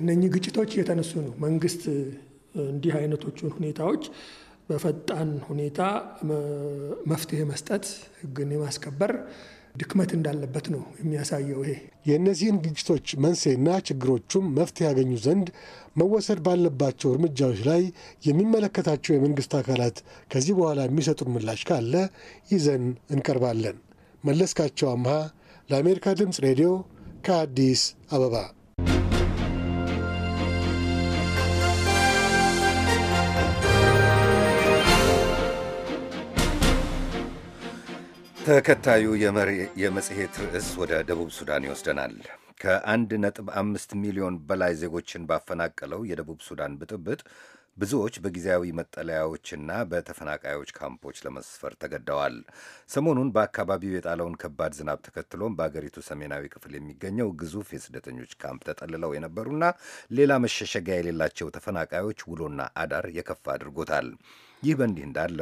እነኚህ ግጭቶች እየተነሱ ነው። መንግስት እንዲህ አይነቶቹን ሁኔታዎች በፈጣን ሁኔታ መፍትሄ መስጠት፣ ህግን የማስከበር ድክመት እንዳለበት ነው የሚያሳየው። ይሄ የእነዚህን ግጭቶች መንስኤና ችግሮቹም መፍትሄ ያገኙ ዘንድ መወሰድ ባለባቸው እርምጃዎች ላይ የሚመለከታቸው የመንግስት አካላት ከዚህ በኋላ የሚሰጡን ምላሽ ካለ ይዘን እንቀርባለን። መለስካቸው አምሃ ለአሜሪካ ድምፅ ሬዲዮ ከአዲስ አበባ ተከታዩ የመጽሔት ርዕስ ወደ ደቡብ ሱዳን ይወስደናል። ከአንድ ነጥብ አምስት ሚሊዮን በላይ ዜጎችን ባፈናቀለው የደቡብ ሱዳን ብጥብጥ ብዙዎች በጊዜያዊ መጠለያዎችና በተፈናቃዮች ካምፖች ለመስፈር ተገደዋል። ሰሞኑን በአካባቢው የጣለውን ከባድ ዝናብ ተከትሎም በአገሪቱ ሰሜናዊ ክፍል የሚገኘው ግዙፍ የስደተኞች ካምፕ ተጠልለው የነበሩና ሌላ መሸሸጊያ የሌላቸው ተፈናቃዮች ውሎና አዳር የከፋ አድርጎታል። ይህ በእንዲህ እንዳለ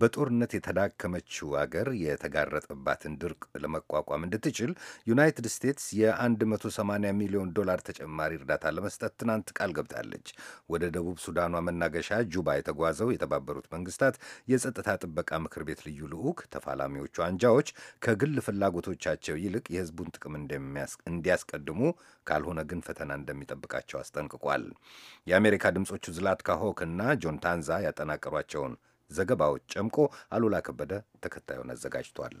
በጦርነት የተዳከመችው አገር የተጋረጠባትን ድርቅ ለመቋቋም እንድትችል ዩናይትድ ስቴትስ የ180 ሚሊዮን ዶላር ተጨማሪ እርዳታ ለመስጠት ትናንት ቃል ገብታለች። ወደ ደቡብ ሱዳኗ መናገሻ ጁባ የተጓዘው የተባበሩት መንግስታት የጸጥታ ጥበቃ ምክር ቤት ልዩ ልዑክ ተፋላሚዎቹ አንጃዎች ከግል ፍላጎቶቻቸው ይልቅ የህዝቡን ጥቅም እንዲያስቀድሙ ካልሆነ ግን ፈተና እንደሚጠብቃቸው አስጠንቅቋል። የአሜሪካ ድምፆቹ ዝላትካ ሆክ እና ጆን ታንዛ ያጠናቀሯቸውን ዘገባዎች ጨምቆ አሉላ ከበደ ተከታዩን አዘጋጅቷል።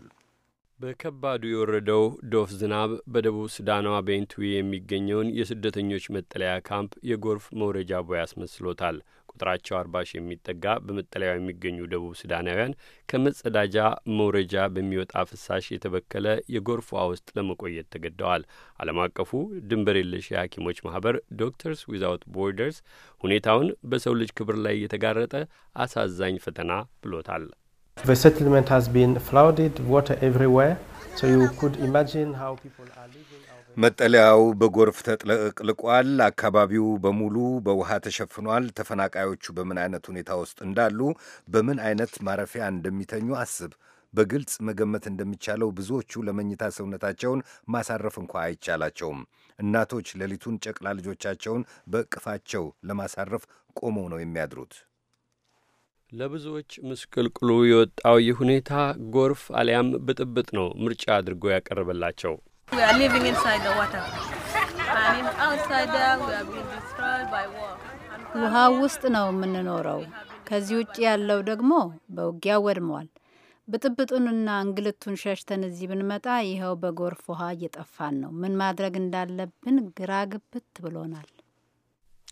በከባዱ የወረደው ዶፍ ዝናብ በደቡብ ሱዳኗ ቤንቱዌ የሚገኘውን የስደተኞች መጠለያ ካምፕ የጎርፍ መውረጃ ቦይ አስመስሎታል። ቁጥራቸው አርባ ሺህ የሚጠጋ በመጠለያው የሚገኙ ደቡብ ሱዳናውያን ከመጸዳጃ መውረጃ በሚወጣ ፍሳሽ የተበከለ የጎርፏ ውስጥ ለመቆየት ተገደዋል። ዓለም አቀፉ ድንበር የለሽ የሐኪሞች ማህበር ዶክተርስ ዊዛውት ቦርደርስ ሁኔታውን በሰው ልጅ ክብር ላይ የተጋረጠ አሳዛኝ ፈተና ብሎታል። ሴትልመንት ሀዝ ቢን ፍላውድድ ወተር ኤቭሪዌር ሶ ዩ ኩድ ኢማጂን ሀው ፒፕል አር ሊቪንግ መጠለያው በጎርፍ ተጥለቅልቋል። አካባቢው በሙሉ በውሃ ተሸፍኗል። ተፈናቃዮቹ በምን አይነት ሁኔታ ውስጥ እንዳሉ፣ በምን አይነት ማረፊያ እንደሚተኙ አስብ። በግልጽ መገመት እንደሚቻለው ብዙዎቹ ለመኝታ ሰውነታቸውን ማሳረፍ እንኳ አይቻላቸውም። እናቶች ሌሊቱን ጨቅላ ልጆቻቸውን በእቅፋቸው ለማሳረፍ ቆመው ነው የሚያድሩት። ለብዙዎች ምስቅልቅሉ የወጣው ይህ ሁኔታ ጎርፍ አሊያም ብጥብጥ ነው ምርጫ አድርጎ ያቀረበላቸው። We are living inside the water. And in outside there we are being destroyed by war. ውሃ ውስጥ ነው የምንኖረው። ከዚህ ውጭ ያለው ደግሞ በውጊያ ወድሟል። ብጥብጡንና እንግልቱን ሸሽተን እዚህ ብንመጣ ይኸው በጎርፍ ውሃ እየጠፋን ነው። ምን ማድረግ እንዳለብን ግራ ግብት ብሎናል።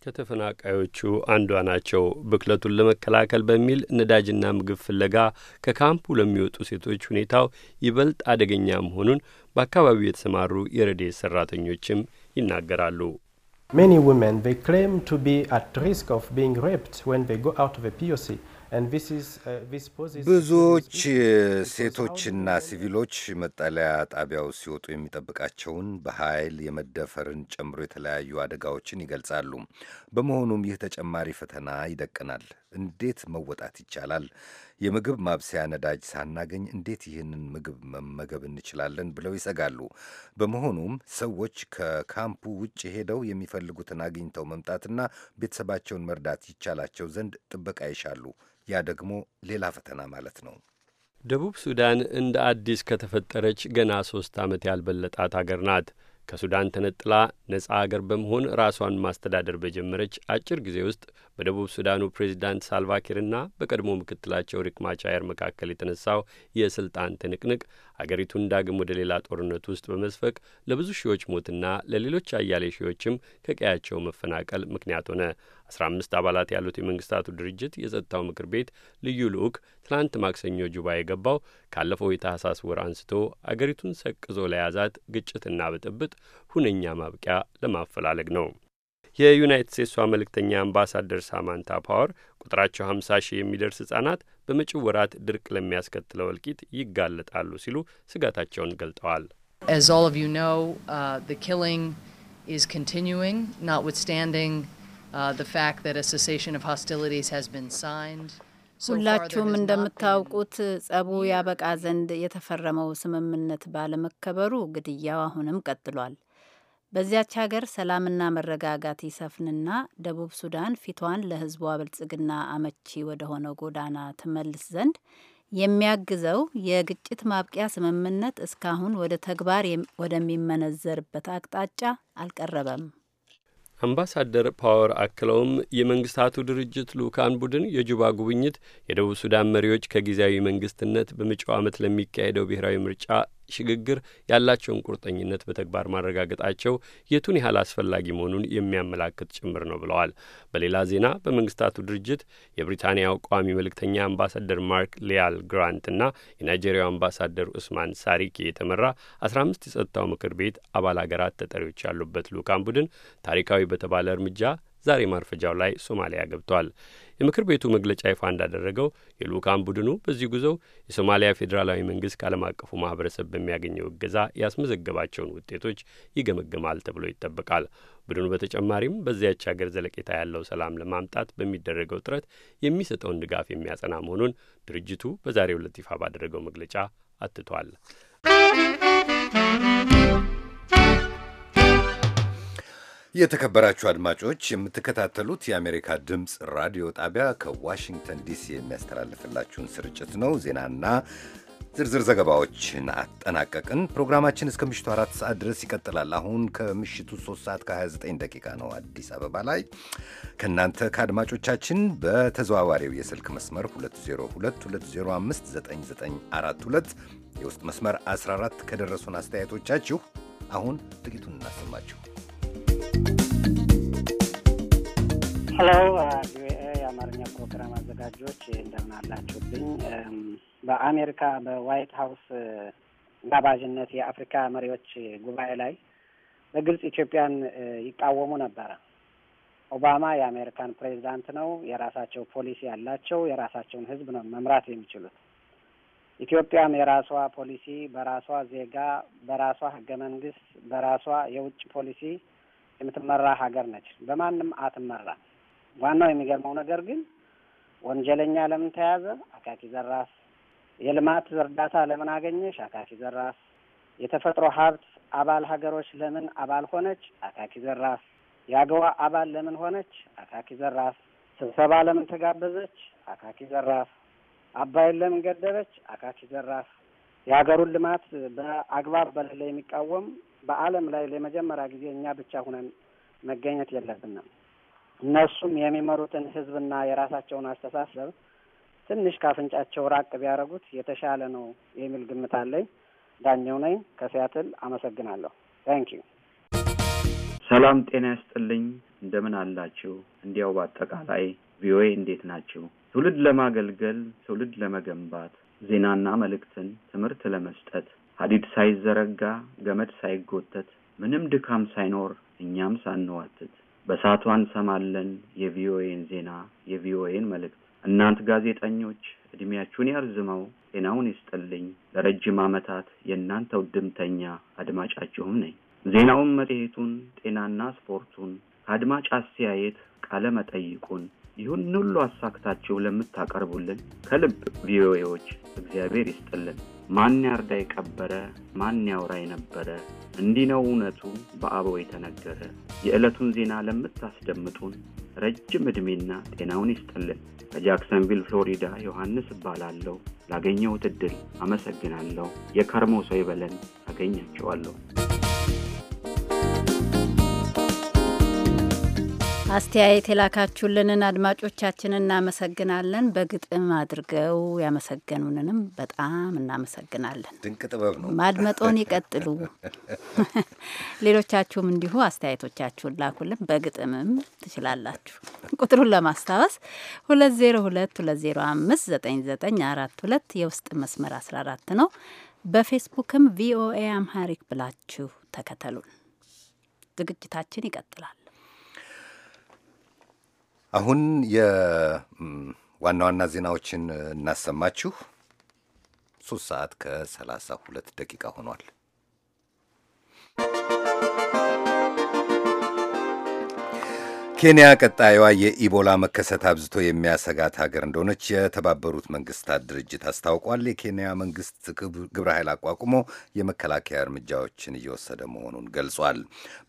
ከተፈናቃዮቹ አንዷ ናቸው። ብክለቱን ለመከላከል በሚል ነዳጅና ምግብ ፍለጋ ከካምፑ ለሚወጡ ሴቶች ሁኔታው ይበልጥ አደገኛ መሆኑን በአካባቢው የተሰማሩ የረድኤት ሰራተኞችም ይናገራሉ። Many women they claim to be at risk of being raped when they go out of a POC. Uh, ብዙዎች ሴቶችና ሲቪሎች መጠለያ ጣቢያው ሲወጡ የሚጠብቃቸውን በኃይል የመደፈርን ጨምሮ የተለያዩ አደጋዎችን ይገልጻሉ። በመሆኑም ይህ ተጨማሪ ፈተና ይደቅናል። እንዴት መወጣት ይቻላል? የምግብ ማብሰያ ነዳጅ ሳናገኝ እንዴት ይህንን ምግብ መመገብ እንችላለን? ብለው ይሰጋሉ። በመሆኑም ሰዎች ከካምፑ ውጭ ሄደው የሚፈልጉትን አግኝተው መምጣትና ቤተሰባቸውን መርዳት ይቻላቸው ዘንድ ጥበቃ ይሻሉ። ያ ደግሞ ሌላ ፈተና ማለት ነው። ደቡብ ሱዳን እንደ አዲስ ከተፈጠረች ገና ሶስት ዓመት ያልበለጣት አገር ናት። ከሱዳን ተነጥላ ነጻ አገር በመሆን ራሷን ማስተዳደር በጀመረች አጭር ጊዜ ውስጥ በደቡብ ሱዳኑ ፕሬዚዳንት ሳልቫኪርና በቀድሞ ምክትላቸው ሪክ ማቻየር መካከል የተነሳው የስልጣን ትንቅንቅ አገሪቱን ዳግም ወደ ሌላ ጦርነት ውስጥ በመዝፈቅ ለብዙ ሺዎች ሞትና ለሌሎች አያሌ ሺዎችም ከቀያቸው መፈናቀል ምክንያት ሆነ። አስራ አምስት አባላት ያሉት የመንግስታቱ ድርጅት የጸጥታው ምክር ቤት ልዩ ልዑክ ትናንት ማክሰኞ ጁባ የገባው ካለፈው የታህሳስ ወር አንስቶ አገሪቱን ሰቅዞ ለያዛት ግጭትና ብጥብጥ ሁነኛ ማብቂያ ለማፈላለግ ነው። የዩናይትድ ስቴትሷ መልእክተኛ አምባሳደር ሳማንታ ፓወር ቁጥራቸው 50 ሺህ የሚደርስ ህጻናት በመጪው ወራት ድርቅ ለሚያስከትለው እልቂት ይጋለጣሉ ሲሉ ስጋታቸውን ገልጠዋል። uh, ሁላችሁም እንደምታውቁት ጸቡ ያበቃ ዘንድ የተፈረመው ስምምነት ባለመከበሩ ግድያው አሁንም ቀጥሏል። በዚያች ሀገር ሰላምና መረጋጋት ይሰፍንና ደቡብ ሱዳን ፊቷን ለሕዝቧ ብልጽግና አመቺ ወደሆነው ጎዳና ትመልስ ዘንድ የሚያግዘው የግጭት ማብቂያ ስምምነት እስካሁን ወደ ተግባር ወደሚመነዘርበት አቅጣጫ አልቀረበም። አምባሳደር ፓወር አክለውም የመንግስታቱ ድርጅት ልኡካን ቡድን የጁባ ጉብኝት የደቡብ ሱዳን መሪዎች ከጊዜያዊ መንግስትነት በመጪው ዓመት ለሚካሄደው ብሔራዊ ምርጫ ሽግግር ያላቸውን ቁርጠኝነት በተግባር ማረጋገጣቸው የቱን ያህል አስፈላጊ መሆኑን የሚያመላክት ጭምር ነው ብለዋል። በሌላ ዜና በመንግስታቱ ድርጅት የብሪታንያው ቋሚ መልእክተኛ አምባሳደር ማርክ ሊያል ግራንትና የናይጄሪያው አምባሳደር ኡስማን ሳሪኪ የተመራ አስራ አምስት የጸጥታው ምክር ቤት አባል አገራት ተጠሪዎች ያሉበት ልኡካን ቡድን ታሪካዊ በተባለ እርምጃ ዛሬ ማርፈጃው ላይ ሶማሊያ ገብቷል። የምክር ቤቱ መግለጫ ይፋ እንዳደረገው የልኡካን ቡድኑ በዚህ ጉዞው የሶማሊያ ፌዴራላዊ መንግስት ከዓለም አቀፉ ማህበረሰብ በሚያገኘው እገዛ ያስመዘገባቸውን ውጤቶች ይገመግማል ተብሎ ይጠበቃል። ቡድኑ በተጨማሪም በዚያች ሀገር ዘለቄታ ያለው ሰላም ለማምጣት በሚደረገው ጥረት የሚሰጠውን ድጋፍ የሚያጸና መሆኑን ድርጅቱ በዛሬው ዕለት ይፋ ባደረገው መግለጫ አትቷል። የተከበራችሁ አድማጮች የምትከታተሉት የአሜሪካ ድምፅ ራዲዮ ጣቢያ ከዋሽንግተን ዲሲ የሚያስተላልፍላችሁን ስርጭት ነው። ዜናና ዝርዝር ዘገባዎችን አጠናቀቅን። ፕሮግራማችን እስከ ምሽቱ አራት ሰዓት ድረስ ይቀጥላል። አሁን ከምሽቱ 3 ሰዓት ከ29 ደቂቃ ነው አዲስ አበባ ላይ። ከእናንተ ከአድማጮቻችን በተዘዋዋሪው የስልክ መስመር 2022059942 የውስጥ መስመር 14 ከደረሱን አስተያየቶቻችሁ አሁን ጥቂቱን እናሰማችሁ። ሄሎ ቪኦኤ uh, የአማርኛ ፕሮግራም አዘጋጆች እንደምን በአሜሪካ በዋይት ሀውስ ጋባዥነት የአፍሪካ መሪዎች ጉባኤ ላይ በግልጽ ኢትዮጵያን ይቃወሙ ነበረ። ኦባማ የአሜሪካን ፕሬዚዳንት ነው፣ የራሳቸው ፖሊሲ ያላቸው፣ የራሳቸውን ህዝብ ነው መምራት የሚችሉት። ኢትዮጵያም የራሷ ፖሊሲ በራሷ ዜጋ፣ በራሷ ህገ መንግስት፣ በራሷ የውጭ ፖሊሲ የምትመራ ሀገር ነች። በማንም አትመራም። ዋናው የሚገርመው ነገር ግን ወንጀለኛ ለምን ተያዘ? አካኪ ዘራፍ። የልማት እርዳታ ለምን አገኘሽ? አካኪ ዘራፍ። የተፈጥሮ ሀብት አባል ሀገሮች ለምን አባል ሆነች? አካኪ ዘራፍ። የአገዋ አባል ለምን ሆነች? አካኪ ዘራፍ። ስብሰባ ለምን ተጋበዘች? አካኪ ዘራፍ። አባይን ለምን ገደበች? አካኪ ዘራፍ። የሀገሩን ልማት በአግባብ በሌለ የሚቃወም በዓለም ላይ ለመጀመሪያ ጊዜ እኛ ብቻ ሁነን መገኘት የለብንም። እነሱም የሚመሩትን ህዝብና የራሳቸውን አስተሳሰብ ትንሽ ካፍንጫቸው ራቅ ቢያደርጉት የተሻለ ነው የሚል ግምት አለኝ። ዳኘው ነኝ ከሲያትል አመሰግናለሁ። ታንክ ዩ። ሰላም ጤና ያስጥልኝ። እንደምን አላችሁ? እንዲያው በአጠቃላይ ቪኦኤ እንዴት ናችሁ? ትውልድ ለማገልገል ትውልድ ለመገንባት ዜናና መልእክትን ትምህርት ለመስጠት ሀዲድ ሳይዘረጋ ገመድ ሳይጎተት ምንም ድካም ሳይኖር እኛም ሳንዋትት በሰዓቷ እንሰማለን የቪኦኤን ዜና የቪኦኤን መልእክት። እናንት ጋዜጠኞች እድሜያችሁን ያርዝመው፣ ጤናውን ይስጥልኝ። ለረጅም ዓመታት የእናንተው ድምተኛ አድማጫችሁም ነኝ። ዜናውን፣ መጽሔቱን፣ ጤናና ስፖርቱን ከአድማጭ አስተያየት ቃለ መጠይቁን ይሁን ሁሉ አሳክታችሁ ለምታቀርቡልን ከልብ ቪኦኤዎች እግዚአብሔር ይስጥልን። ማን ያርዳ የቀበረ ማን ያውራ የነበረ እንዲህ ነው እውነቱ በአበው የተነገረ። የዕለቱን ዜና ለምታስደምጡን ረጅም ዕድሜና ጤናውን ይስጥልን። ከጃክሰንቪል ፍሎሪዳ ዮሐንስ እባላለሁ። ላገኘሁት ዕድል አመሰግናለሁ። የከርሞ ሰው ይበለን። አገኛቸዋለሁ። አስተያየት የላካችሁልንን አድማጮቻችን እናመሰግናለን። በግጥም አድርገው ያመሰገኑንንም በጣም እናመሰግናለን። ድንቅ ጥበብ ነው። ማድመጦን ይቀጥሉ። [LAUGHS] ሌሎቻችሁም እንዲሁ አስተያየቶቻችሁን ላኩልን፣ በግጥምም ትችላላችሁ። ቁጥሩን ለማስታወስ ሁለት ዜሮ ሁለት ሁለት ዜሮ አምስት ዘጠኝ ዘጠኝ አራት ሁለት የውስጥ መስመር አስራ አራት ነው። በፌስቡክም ቪኦኤ አምሃሪክ ብላችሁ ተከተሉን። ዝግጅታችን ይቀጥላል። አሁን የዋና ዋና ዜናዎችን እናሰማችሁ። ሶስት ሰዓት ከሰላሳ ሁለት ደቂቃ ሆኗል። ኬንያ ቀጣዩዋ የኢቦላ መከሰት አብዝቶ የሚያሰጋት ሀገር እንደሆነች የተባበሩት መንግስታት ድርጅት አስታውቋል። የኬንያ መንግስት ግብረ ኃይል አቋቁሞ የመከላከያ እርምጃዎችን እየወሰደ መሆኑን ገልጿል።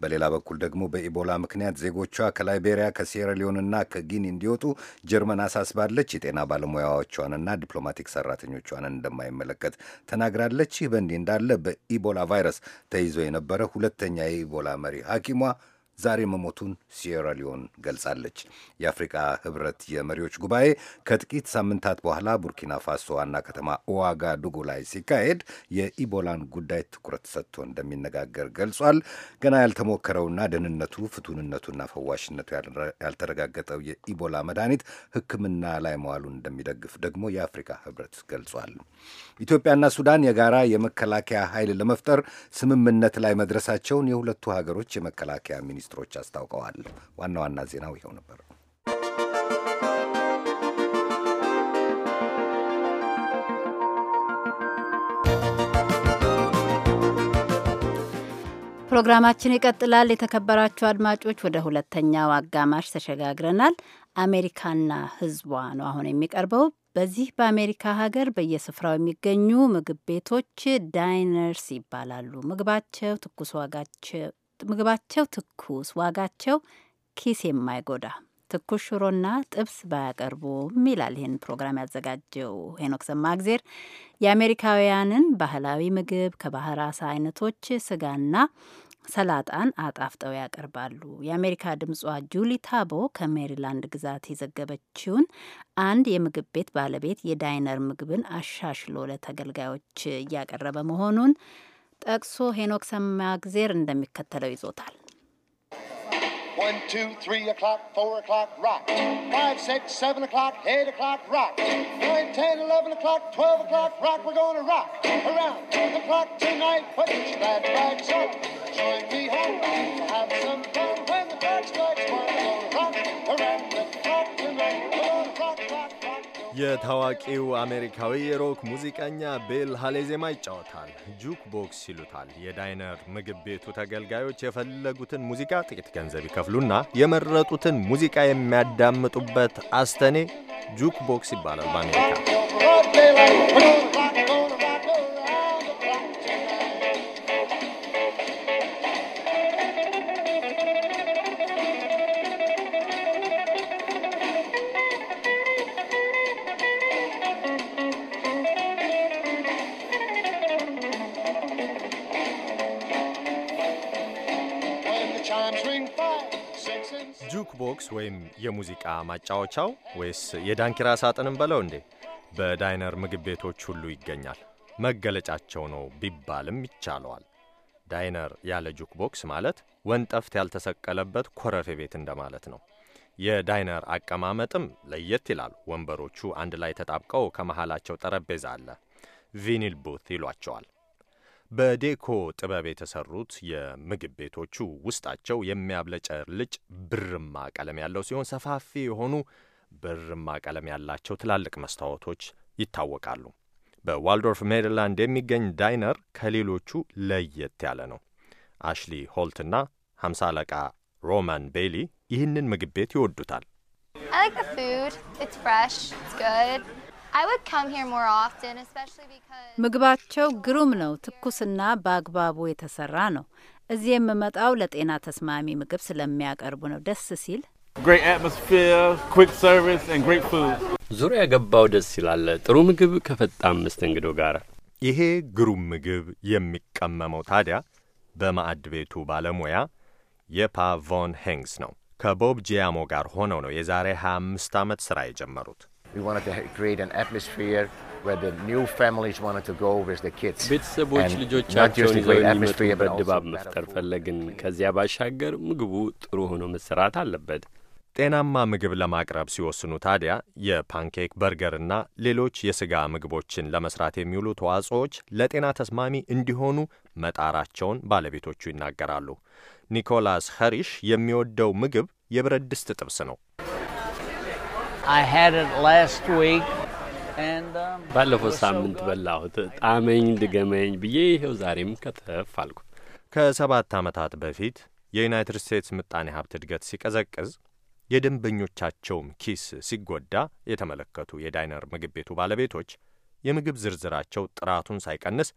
በሌላ በኩል ደግሞ በኢቦላ ምክንያት ዜጎቿ ከላይቤሪያ ከሴራሊዮንና ከጊኒ እንዲወጡ ጀርመን አሳስባለች። የጤና ባለሙያዎቿንና ዲፕሎማቲክ ሰራተኞቿን እንደማይመለከት ተናግራለች። ይህ በእንዲህ እንዳለ በኢቦላ ቫይረስ ተይዞ የነበረ ሁለተኛ የኢቦላ መሪ ሐኪሟ ዛሬ መሞቱን ሊዮን ገልጻለች። የአፍሪካ ህብረት የመሪዎች ጉባኤ ከጥቂት ሳምንታት በኋላ ቡርኪና ፋሶ ዋና ከተማ ዱጉ ላይ ሲካሄድ የኢቦላን ጉዳይ ትኩረት ሰጥቶ እንደሚነጋገር ገልጿል። ገና ያልተሞከረውና ደህንነቱ ፍቱንነቱና ፈዋሽነቱ ያልተረጋገጠው የኢቦላ መድኃኒት ሕክምና ላይ መዋሉን እንደሚደግፍ ደግሞ የአፍሪካ ህብረት ገልጿል። ኢትዮጵያና ሱዳን የጋራ የመከላከያ ኃይል ለመፍጠር ስምምነት ላይ መድረሳቸውን የሁለቱ ሀገሮች የመከላከያ ሚኒስ ሚኒስትሮች አስታውቀዋል። ዋና ዋና ዜናው ይኸው ነበር። ፕሮግራማችን ይቀጥላል። የተከበራችሁ አድማጮች፣ ወደ ሁለተኛው አጋማሽ ተሸጋግረናል። አሜሪካና ሕዝቧ ነው አሁን የሚቀርበው። በዚህ በአሜሪካ ሀገር በየስፍራው የሚገኙ ምግብ ቤቶች ዳይነርስ ይባላሉ። ምግባቸው ትኩስ ዋጋቸው። ምግባቸው ትኩስ፣ ዋጋቸው ኪስ የማይጎዳ ትኩስ ሽሮና ጥብስ ባያቀርቡም ይላል ይህን ፕሮግራም ያዘጋጀው ሄኖክ ሰማእግዜር። የአሜሪካውያንን ባህላዊ ምግብ ከባህር አሳ አይነቶች ስጋና ሰላጣን አጣፍጠው ያቀርባሉ። የአሜሪካ ድምጿ ጁሊ ታቦ ከሜሪላንድ ግዛት የዘገበችውን አንድ የምግብ ቤት ባለቤት የዳይነር ምግብን አሻሽሎ ለተገልጋዮች እያቀረበ መሆኑን ጠቅሶ ሄኖክ ሰማእግዜር እንደሚከተለው ይዞታል። One, two, three o'clock, four o'clock, rock. Five, six, seven o'clock, eight o'clock, rock. Nine, ten, eleven o'clock, twelve o'clock, rock. We're gonna rock around the clock tonight. Put your bad bags up, join me home. have some fun when the clock strikes one. We're gonna rock around the clock tonight. We're gonna rock, rock, rock. የታዋቂው አሜሪካዊ የሮክ ሙዚቀኛ ቤል ሃሌዜማ ይጫወታል። ጁክ ቦክስ ይሉታል። የዳይነር ምግብ ቤቱ ተገልጋዮች የፈለጉትን ሙዚቃ ጥቂት ገንዘብ ይከፍሉና የመረጡትን ሙዚቃ የሚያዳምጡበት አስተኔ ጁክ ቦክስ ይባላል በአሜሪካ። ጁክ ቦክስ ወይም የሙዚቃ ማጫወቻው ወይስ የዳንኪራ ሳጥንም በለው እንዴ በዳይነር ምግብ ቤቶች ሁሉ ይገኛል። መገለጫቸው ነው ቢባልም ይቻለዋል። ዳይነር ያለ ጁክ ቦክስ ማለት ወንጠፍት ያልተሰቀለበት ኮረፌ ቤት እንደማለት ነው። የዳይነር አቀማመጥም ለየት ይላል። ወንበሮቹ አንድ ላይ ተጣብቀው ከመሃላቸው ጠረጴዛ አለ። ቪኒል ቡት ይሏቸዋል። በዴኮ ጥበብ የተሰሩት የምግብ ቤቶቹ ውስጣቸው የሚያብለጨልጭ ብርማ ቀለም ያለው ሲሆን ሰፋፊ የሆኑ ብርማ ቀለም ያላቸው ትላልቅ መስታወቶች ይታወቃሉ። በዋልዶርፍ ሜሪላንድ የሚገኝ ዳይነር ከሌሎቹ ለየት ያለ ነው። አሽሊ ሆልትና ሀምሳ አለቃ ሮማን ቤሊ ይህንን ምግብ ቤት ይወዱታል። ምግባቸው ግሩም ነው። ትኩስና በአግባቡ የተሰራ ነው። እዚህ የምመጣው ለጤና ተስማሚ ምግብ ስለሚያቀርቡ ነው። ደስ ሲል ዙሪያ ገባው ደስ ይላል። ጥሩ ምግብ ከፈጣን መስተንግዶ ጋር ይሄ ግሩም ምግብ የሚቀመመው ታዲያ በማዕድ ቤቱ ባለሙያ የፓ ቮን ሄንግስ ነው። ከቦብ ጂያሞ ጋር ሆነው ነው የዛሬ 25 ዓመት ሥራ የጀመሩት። ቤተሰቦች ልጆቻቸውን ይዘው የሚመጡበት ድባብ መፍጠር ፈለግን። ከዚያ ባሻገር ምግቡ ጥሩ ሆኖ መሰራት አለበት። ጤናማ ምግብ ለማቅረብ ሲወስኑ ታዲያ የፓንኬክ በርገርና ሌሎች የስጋ ምግቦችን ለመስራት የሚውሉ ተዋጽኦዎች ለጤና ተስማሚ እንዲሆኑ መጣራቸውን ባለቤቶቹ ይናገራሉ። ኒኮላስ ኸሪሽ የሚወደው ምግብ የብረት ድስት ጥብስ ነው። ባለፈው ሳምንት በላሁት፣ ጣመኝ ድገመኝ ብዬ ይኸው ዛሬም ከተፍ አልኩ። ከሰባት ዓመታት በፊት የዩናይትድ ስቴትስ ምጣኔ ሀብት እድገት ሲቀዘቅዝ የደንበኞቻቸውም ኪስ ሲጎዳ የተመለከቱ የዳይነር ምግብ ቤቱ ባለቤቶች የምግብ ዝርዝራቸው ጥራቱን ሳይቀንስ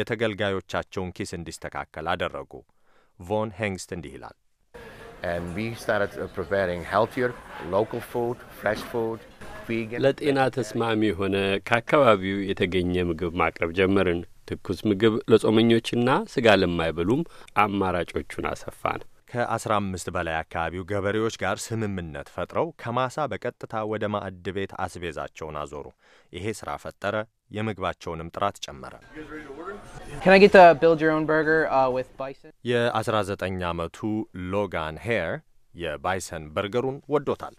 የተገልጋዮቻቸውን ኪስ እንዲስተካከል አደረጉ። ቮን ሄንግስት እንዲህ ይላል። ለጤና ተስማሚ የሆነ ከአካባቢው የተገኘ ምግብ ማቅረብ ጀመርን። ትኩስ ምግብ ለጾመኞችና ስጋ ለማይበሉም አማራጮቹን አሰፋን። ከአስራ አምስት በላይ አካባቢው ገበሬዎች ጋር ስምምነት ፈጥረው ከማሳ በቀጥታ ወደ ማዕድ ቤት አስቤዛቸውን አዞሩ። ይሄ ስራ ፈጠረ፣ የምግባቸውንም ጥራት ጨመረ። የ19 ዓመቱ ሎጋን ሄር የባይሰን በርገሩን ወዶታል።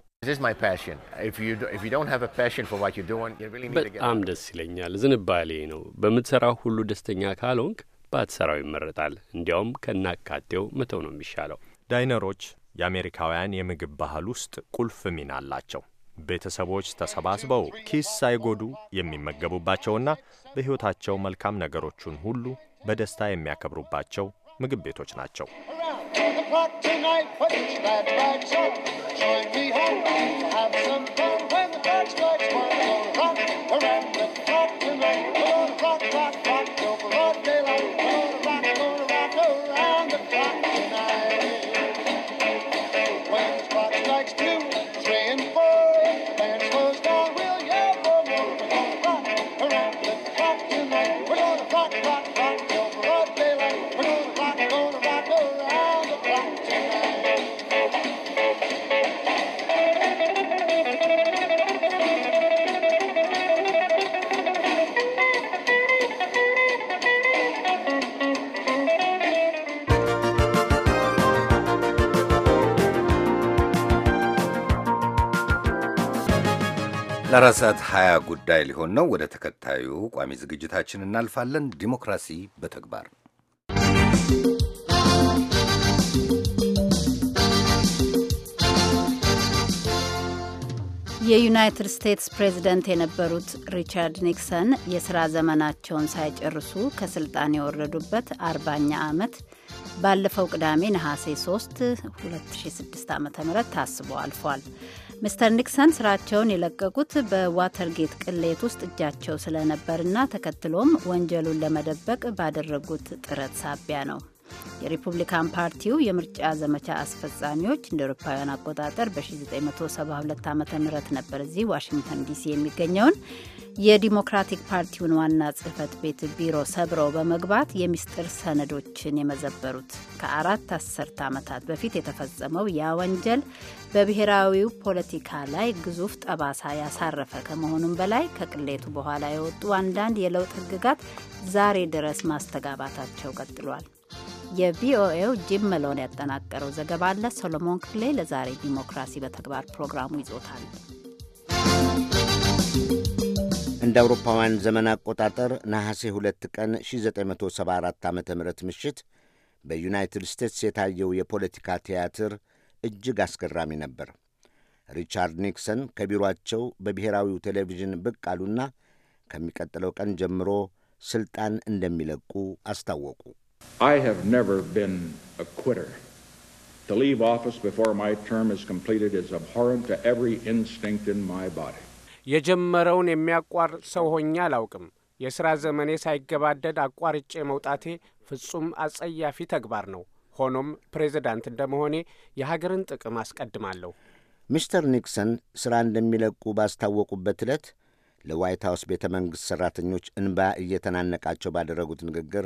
በጣም ደስ ይለኛል። ዝንባሌ ነው። በምትሠራው ሁሉ ደስተኛ ካልሆንክ ባትሰራው ይመረጣል። እንዲያውም ከናካቴው መተው ነው የሚሻለው። ዳይነሮች የአሜሪካውያን የምግብ ባህል ውስጥ ቁልፍ ሚና አላቸው። ቤተሰቦች ተሰባስበው ኪስ ሳይጎዱ የሚመገቡባቸውና በሕይወታቸው መልካም ነገሮቹን ሁሉ በደስታ የሚያከብሩባቸው ምግብ ቤቶች ናቸው። ለአራት ሰዓት 20 ጉዳይ ሊሆን ነው። ወደ ተከታዩ ቋሚ ዝግጅታችን እናልፋለን። ዲሞክራሲ በተግባር የዩናይትድ ስቴትስ ፕሬዝደንት የነበሩት ሪቻርድ ኒክሰን የሥራ ዘመናቸውን ሳይጨርሱ ከስልጣን የወረዱበት አርባኛ ዓመት ባለፈው ቅዳሜ ነሐሴ 3 2006 ዓ ም ታስቦ አልፏል። ሚስተር ኒክሰን ስራቸውን የለቀቁት በዋተርጌት ቅሌት ውስጥ እጃቸው ስለነበርና ተከትሎም ወንጀሉን ለመደበቅ ባደረጉት ጥረት ሳቢያ ነው። የሪፑብሊካን ፓርቲው የምርጫ ዘመቻ አስፈጻሚዎች እንደ አውሮፓውያን አቆጣጠር በ1972 ዓ ም ነበር እዚህ ዋሽንግተን ዲሲ የሚገኘውን የዲሞክራቲክ ፓርቲውን ዋና ጽህፈት ቤት ቢሮ ሰብረው በመግባት የሚስጥር ሰነዶችን የመዘበሩት ከአራት አስርተ ዓመታት በፊት የተፈጸመው ያ ወንጀል በብሔራዊው ፖለቲካ ላይ ግዙፍ ጠባሳ ያሳረፈ ከመሆኑም በላይ ከቅሌቱ በኋላ የወጡ አንዳንድ የለውጥ ህግጋት ዛሬ ድረስ ማስተጋባታቸው ቀጥሏል። የቪኦኤው ጂም መሎን ያጠናቀረው ዘገባ አለ። ሶሎሞን ክፍሌ ለዛሬ ዲሞክራሲ በተግባር ፕሮግራሙ ይዞታል። እንደ አውሮፓውያን ዘመን አቆጣጠር ነሐሴ 2 ቀን 1974 ዓ ም ምሽት በዩናይትድ ስቴትስ የታየው የፖለቲካ ቲያትር እጅግ አስገራሚ ነበር። ሪቻርድ ኒክሰን ከቢሮአቸው በብሔራዊው ቴሌቪዥን ብቅ አሉና ከሚቀጥለው ቀን ጀምሮ ስልጣን እንደሚለቁ አስታወቁ። I have never been a quitter. To leave office before my term is completed የጀመረውን የሚያቋርጥ ሰው ሆኜ አላውቅም። የሥራ ዘመኔ ሳይገባደድ አቋርጬ መውጣቴ ፍጹም አጸያፊ ተግባር ነው። ሆኖም ፕሬዚዳንት እንደመሆኔ የሀገርን ጥቅም አስቀድማለሁ። ሚስተር ኒክሰን ሥራ እንደሚለቁ ባስታወቁበት ዕለት ለዋይት ሀውስ ቤተ መንግሥት ሠራተኞች እንባ እየተናነቃቸው ባደረጉት ንግግር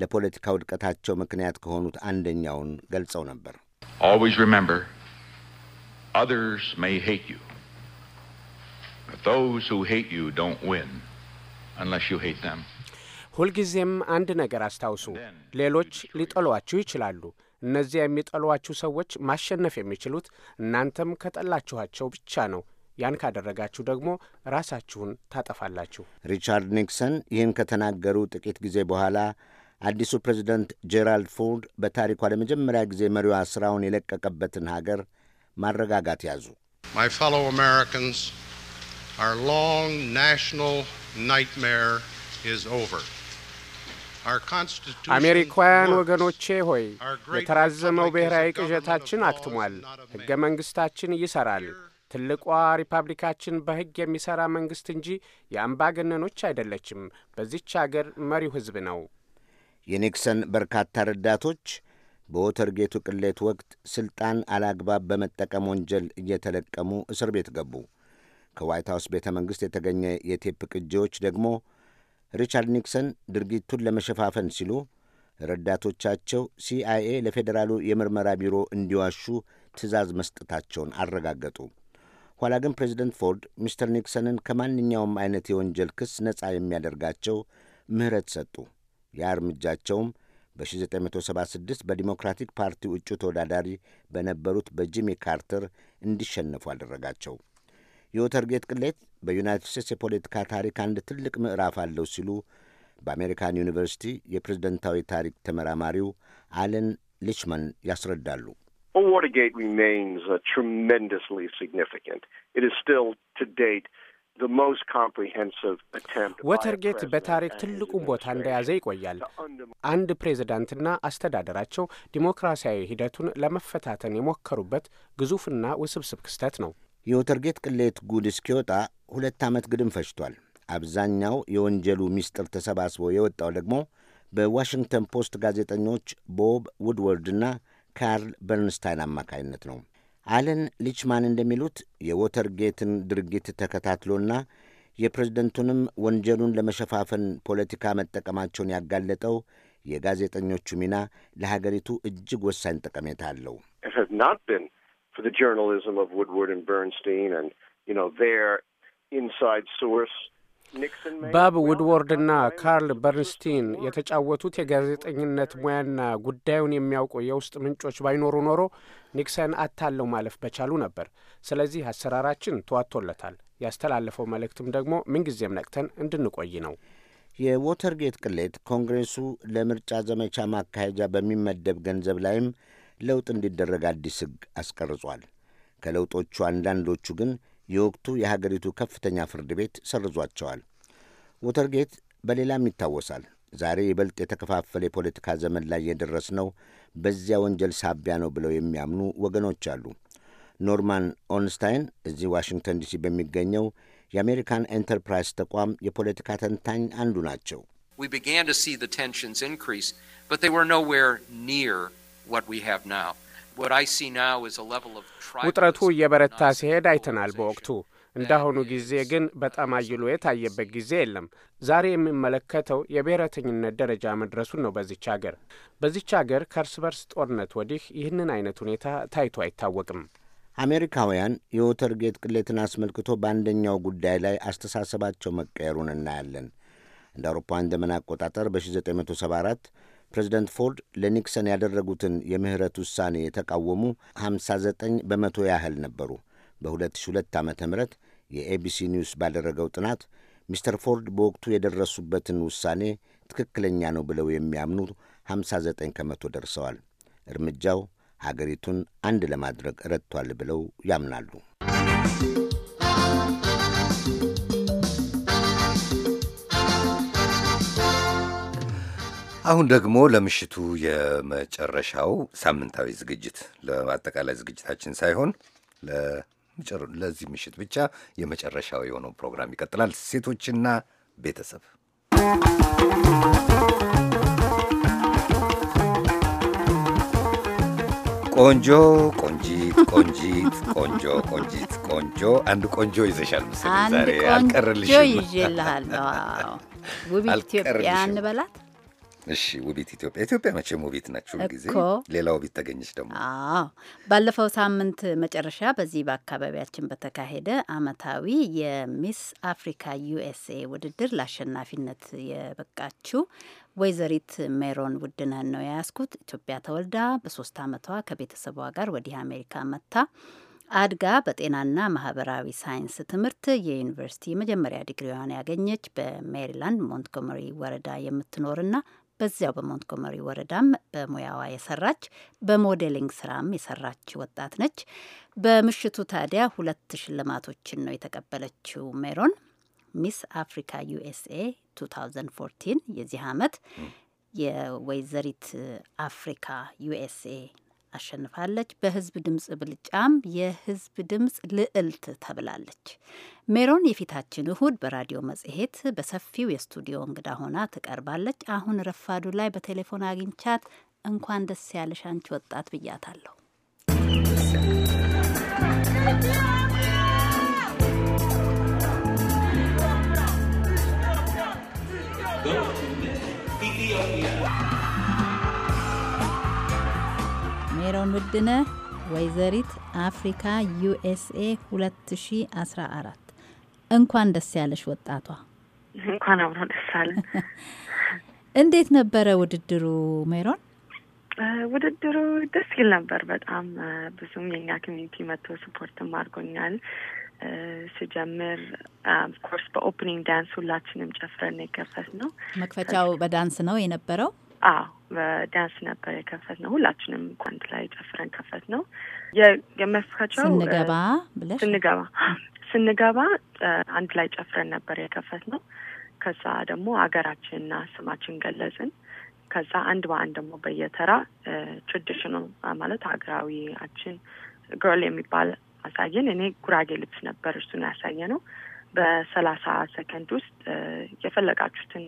ለፖለቲካ ውድቀታቸው ምክንያት ከሆኑት አንደኛውን ገልጸው ነበር። Always remember, others may ሄት ዩ If those who hate you don't win unless you hate them. ሁልጊዜም አንድ ነገር አስታውሱ። ሌሎች ሊጠሏችሁ ይችላሉ። እነዚያ የሚጠሏችሁ ሰዎች ማሸነፍ የሚችሉት እናንተም ከጠላችኋቸው ብቻ ነው። ያን ካደረጋችሁ ደግሞ ራሳችሁን ታጠፋላችሁ። ሪቻርድ ኒክሰን ይህን ከተናገሩ ጥቂት ጊዜ በኋላ አዲሱ ፕሬዚደንት ጄራልድ ፎርድ በታሪኳ ለመጀመሪያ ጊዜ መሪዋ ስራውን የለቀቀበትን ሀገር ማረጋጋት ያዙ። Our long national nightmare is over. አሜሪካውያን ወገኖቼ ሆይ የተራዘመው ብሔራዊ ቅዠታችን አክትሟል። ሕገ መንግሥታችን ይሠራል። ትልቋ ሪፐብሊካችን በሕግ የሚሠራ መንግሥት እንጂ የአምባገነኖች አይደለችም። በዚች አገር መሪው ሕዝብ ነው። የኒክሰን በርካታ ረዳቶች በወተርጌቱ ቅሌት ወቅት ሥልጣን አላግባብ በመጠቀም ወንጀል እየተለቀሙ እስር ቤት ገቡ። ከዋይት ሀውስ ቤተ መንግሥት የተገኘ የቴፕ ቅጂዎች ደግሞ ሪቻርድ ኒክሰን ድርጊቱን ለመሸፋፈን ሲሉ ረዳቶቻቸው ሲአይኤ ለፌዴራሉ የምርመራ ቢሮ እንዲዋሹ ትዕዛዝ መስጠታቸውን አረጋገጡ። ኋላ ግን ፕሬዚደንት ፎርድ ሚስተር ኒክሰንን ከማንኛውም አይነት የወንጀል ክስ ነጻ የሚያደርጋቸው ምህረት ሰጡ። ያ እርምጃቸውም በ1976 በዲሞክራቲክ ፓርቲ እጩ ተወዳዳሪ በነበሩት በጂሚ ካርተር እንዲሸነፉ አደረጋቸው። የወተርጌት ቅሌት በዩናይትድ ስቴትስ የፖለቲካ ታሪክ አንድ ትልቅ ምዕራፍ አለው ሲሉ በአሜሪካን ዩኒቨርሲቲ የፕሬዝደንታዊ ታሪክ ተመራማሪው አለን ሊችመን ያስረዳሉ። ዋተርጌት ሪሜይንስ ትሬሜንደስሊ ሲግኒፊካንት ኢት ኢዝ ስቲል ቱ ዴት ወተርጌት በታሪክ ትልቁን ቦታ እንደያዘ ይቆያል። አንድ ፕሬዝዳንትና አስተዳደራቸው ዲሞክራሲያዊ ሂደቱን ለመፈታተን የሞከሩበት ግዙፍና ውስብስብ ክስተት ነው። የወተርጌት ቅሌት ጉድ እስኪወጣ ሁለት ዓመት ግድም ፈጅቷል። አብዛኛው የወንጀሉ ምስጢር ተሰባስቦ የወጣው ደግሞ በዋሽንግተን ፖስት ጋዜጠኞች ቦብ ውድወርድና ካርል በርንስታይን አማካይነት ነው። አለን ሊችማን እንደሚሉት የወተርጌትን ድርጊት ተከታትሎና የፕሬዝደንቱንም ወንጀሉን ለመሸፋፈን ፖለቲካ መጠቀማቸውን ያጋለጠው የጋዜጠኞቹ ሚና ለሀገሪቱ እጅግ ወሳኝ ጠቀሜታ አለው። for the journalism of Woodward and Bernstein and, you know, their inside source. ባብ ውድወርድና ካርል በርንስቲን የተጫወቱት የጋዜጠኝነት ሙያና ጉዳዩን የሚያውቁ የውስጥ ምንጮች ባይኖሩ ኖሮ ኒክሰን አታለው ማለፍ በቻሉ ነበር። ስለዚህ አሰራራችን ተዋቶለታል። ያስተላለፈው መልእክትም ደግሞ ምንጊዜም ነቅተን እንድንቆይ ነው። የዎተርጌት ቅሌት ኮንግሬሱ ለምርጫ ዘመቻ ማካሄጃ በሚመደብ ገንዘብ ላይም ለውጥ እንዲደረግ አዲስ ሕግ አስቀርጿል። ከለውጦቹ አንዳንዶቹ ግን የወቅቱ የሀገሪቱ ከፍተኛ ፍርድ ቤት ሰርዟቸዋል። ወተርጌት በሌላም ይታወሳል። ዛሬ ይበልጥ የተከፋፈለ የፖለቲካ ዘመን ላይ የደረስነው በዚያ ወንጀል ሳቢያ ነው ብለው የሚያምኑ ወገኖች አሉ። ኖርማን ኦንስታይን እዚህ ዋሽንግተን ዲሲ በሚገኘው የአሜሪካን ኤንተርፕራይዝ ተቋም የፖለቲካ ተንታኝ አንዱ ናቸው። We began to see the tensions increase, but they were nowhere near ውጥረቱ እየበረታ ሲሄድ አይተናል። በወቅቱ እንዳሁኑ ጊዜ ግን በጣም አይሎ የታየበት ጊዜ የለም። ዛሬ የሚመለከተው የብሔረተኝነት ደረጃ መድረሱን ነው። በዚች አገር በዚች አገር ከእርስ በርስ ጦርነት ወዲህ ይህንን አይነት ሁኔታ ታይቶ አይታወቅም። አሜሪካውያን ጌት ቅሌትን አስመልክቶ በአንደኛው ጉዳይ ላይ አስተሳሰባቸው መቀየሩን እናያለን። እንደ አውሮፓውያን ዘመን አቆጣጠር በ1974 ፕሬዚደንት ፎርድ ለኒክሰን ያደረጉትን የምህረት ውሳኔ የተቃወሙ 59 በመቶ ያህል ነበሩ። በ2002 ዓ ም የኤቢሲ ኒውስ ባደረገው ጥናት ሚስተር ፎርድ በወቅቱ የደረሱበትን ውሳኔ ትክክለኛ ነው ብለው የሚያምኑ 59 ከመቶ ደርሰዋል። እርምጃው ሀገሪቱን አንድ ለማድረግ ረድቷል ብለው ያምናሉ። አሁን ደግሞ ለምሽቱ የመጨረሻው ሳምንታዊ ዝግጅት ለአጠቃላይ ዝግጅታችን ሳይሆን ለዚህ ምሽት ብቻ የመጨረሻው የሆነው ፕሮግራም ይቀጥላል። ሴቶችና ቤተሰብ ቆንጆ ቆንጂት ቆንጂት ቆንጆ ቆንጂት ቆንጆ አንድ ቆንጆ ይዘሻል መሰለኝ ዛሬ። አልቀርልሽም። ይዤልሃለሁ። ውብ ኢትዮጵያ እንበላት እሺ ውቢት ኢትዮጵያ ኢትዮጵያ መቼም ውቢት ናቸው ጊዜ ሌላ ውቢት ተገኘች ደግሞ። ባለፈው ሳምንት መጨረሻ በዚህ በአካባቢያችን በተካሄደ አመታዊ የሚስ አፍሪካ ዩኤስኤ ውድድር ለአሸናፊነት የበቃችው ወይዘሪት ሜሮን ውድነህን ነው የያዝኩት። ኢትዮጵያ ተወልዳ በሶስት አመቷ ከቤተሰቧ ጋር ወዲህ አሜሪካ መታ አድጋ በጤናና ማህበራዊ ሳይንስ ትምህርት የዩኒቨርሲቲ የመጀመሪያ ዲግሪዋን ያገኘች በሜሪላንድ ሞንትጎመሪ ወረዳ የምትኖርና በዚያው በሞንትጎመሪ ወረዳም በሙያዋ የሰራች በሞዴሊንግ ስራም የሰራች ወጣት ነች። በምሽቱ ታዲያ ሁለት ሽልማቶችን ነው የተቀበለችው ሜሮን ሚስ አፍሪካ ዩኤስኤ 2014 የዚህ ዓመት የወይዘሪት አፍሪካ ዩኤስኤ አሸንፋለች። በህዝብ ድምፅ ብልጫም የህዝብ ድምፅ ልዕልት ተብላለች። ሜሮን የፊታችን እሁድ በራዲዮ መጽሔት በሰፊው የስቱዲዮ እንግዳ ሆና ትቀርባለች። አሁን ረፋዱ ላይ በቴሌፎን አግኝቻት እንኳን ደስ ያለሽ አንቺ ወጣት ብያታለሁ። Go to Ethiopia. ሜሮን ውድነ ወይዘሪት አፍሪካ ዩኤስኤ 2014 እንኳን ደስ ያለሽ ወጣቷ። እንኳን አብሮ ደስ አለ። [LAUGHS] እንዴት ነበረ ውድድሩ ሜሮን? ውድድሩ ደስ ይል ነበር በጣም ብዙም የኛ ኮሚኒቲ መጥቶ ስፖርትም አድርጎኛል። ስጀምር ኮርስ በኦፕኒንግ ዳንስ ሁላችንም ጨፍረን የከፈት ነው። መክፈቻው በዳንስ ነው የነበረው። አዎ በዳንስ ነበር የከፈት ነው። ሁላችንም አንድ ላይ ጨፍረን ከፈት ነው። የመክፈቻው ስንገባ ብለሽ ስንገባ ስንገባ አንድ ላይ ጨፍረን ነበር የከፈት ነው። ከዛ ደግሞ ሀገራችንና ስማችን ገለጽን። ከዛ አንድ በአንድ ደግሞ በየተራ ትራዲሽኑ ማለት ሀገራዊያችን ግርል የሚባል አሳየን። እኔ ጉራጌ ልብስ ነበር እሱን ያሳየ ነው። በሰላሳ ሰከንድ ውስጥ የፈለጋችሁትን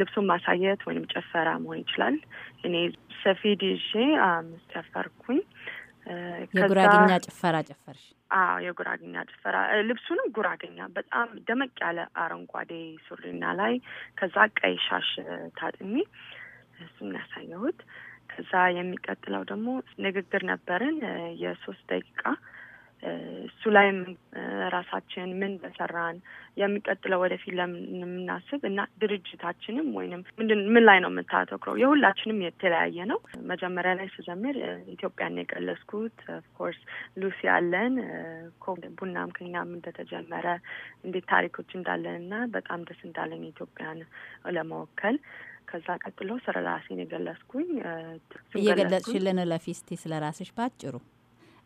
ልብሱን ማሳየት ወይም ጭፈራ መሆን ይችላል። እኔ ሰፌድ ይዤ ጨፈርኩኝ። የጉራግኛ ጭፈራ ጨፈርሽ? አዎ የጉራግኛ ጭፈራ። ልብሱንም ጉራግኛ በጣም ደመቅ ያለ አረንጓዴ ሱሪና ላይ ከዛ ቀይ ሻሽ ታጥሚ እሱም ያሳየሁት። ከዛ የሚቀጥለው ደግሞ ንግግር ነበርን የሶስት ደቂቃ እሱ ላይ ራሳችን ምን በሰራን የሚቀጥለው ወደፊት ለምን የምናስብ እና ድርጅታችንም ወይንም ምንድን ምን ላይ ነው የምታተኩረው የሁላችንም የተለያየ ነው። መጀመሪያ ላይ ስጀምር ኢትዮጵያን የቀለስኩት ኦፍኮርስ ሉሲ አለን ቡናም ከኛም እንደተጀመረ እንዴት ታሪኮች እንዳለን እና በጣም ደስ እንዳለን ኢትዮጵያን ለመወከል ከዛ ቀጥሎ ስለ ራሴን የገለጽኩኝ እየገለጽሽልን ለፊስቲ ስለ ራስሽ ባጭሩ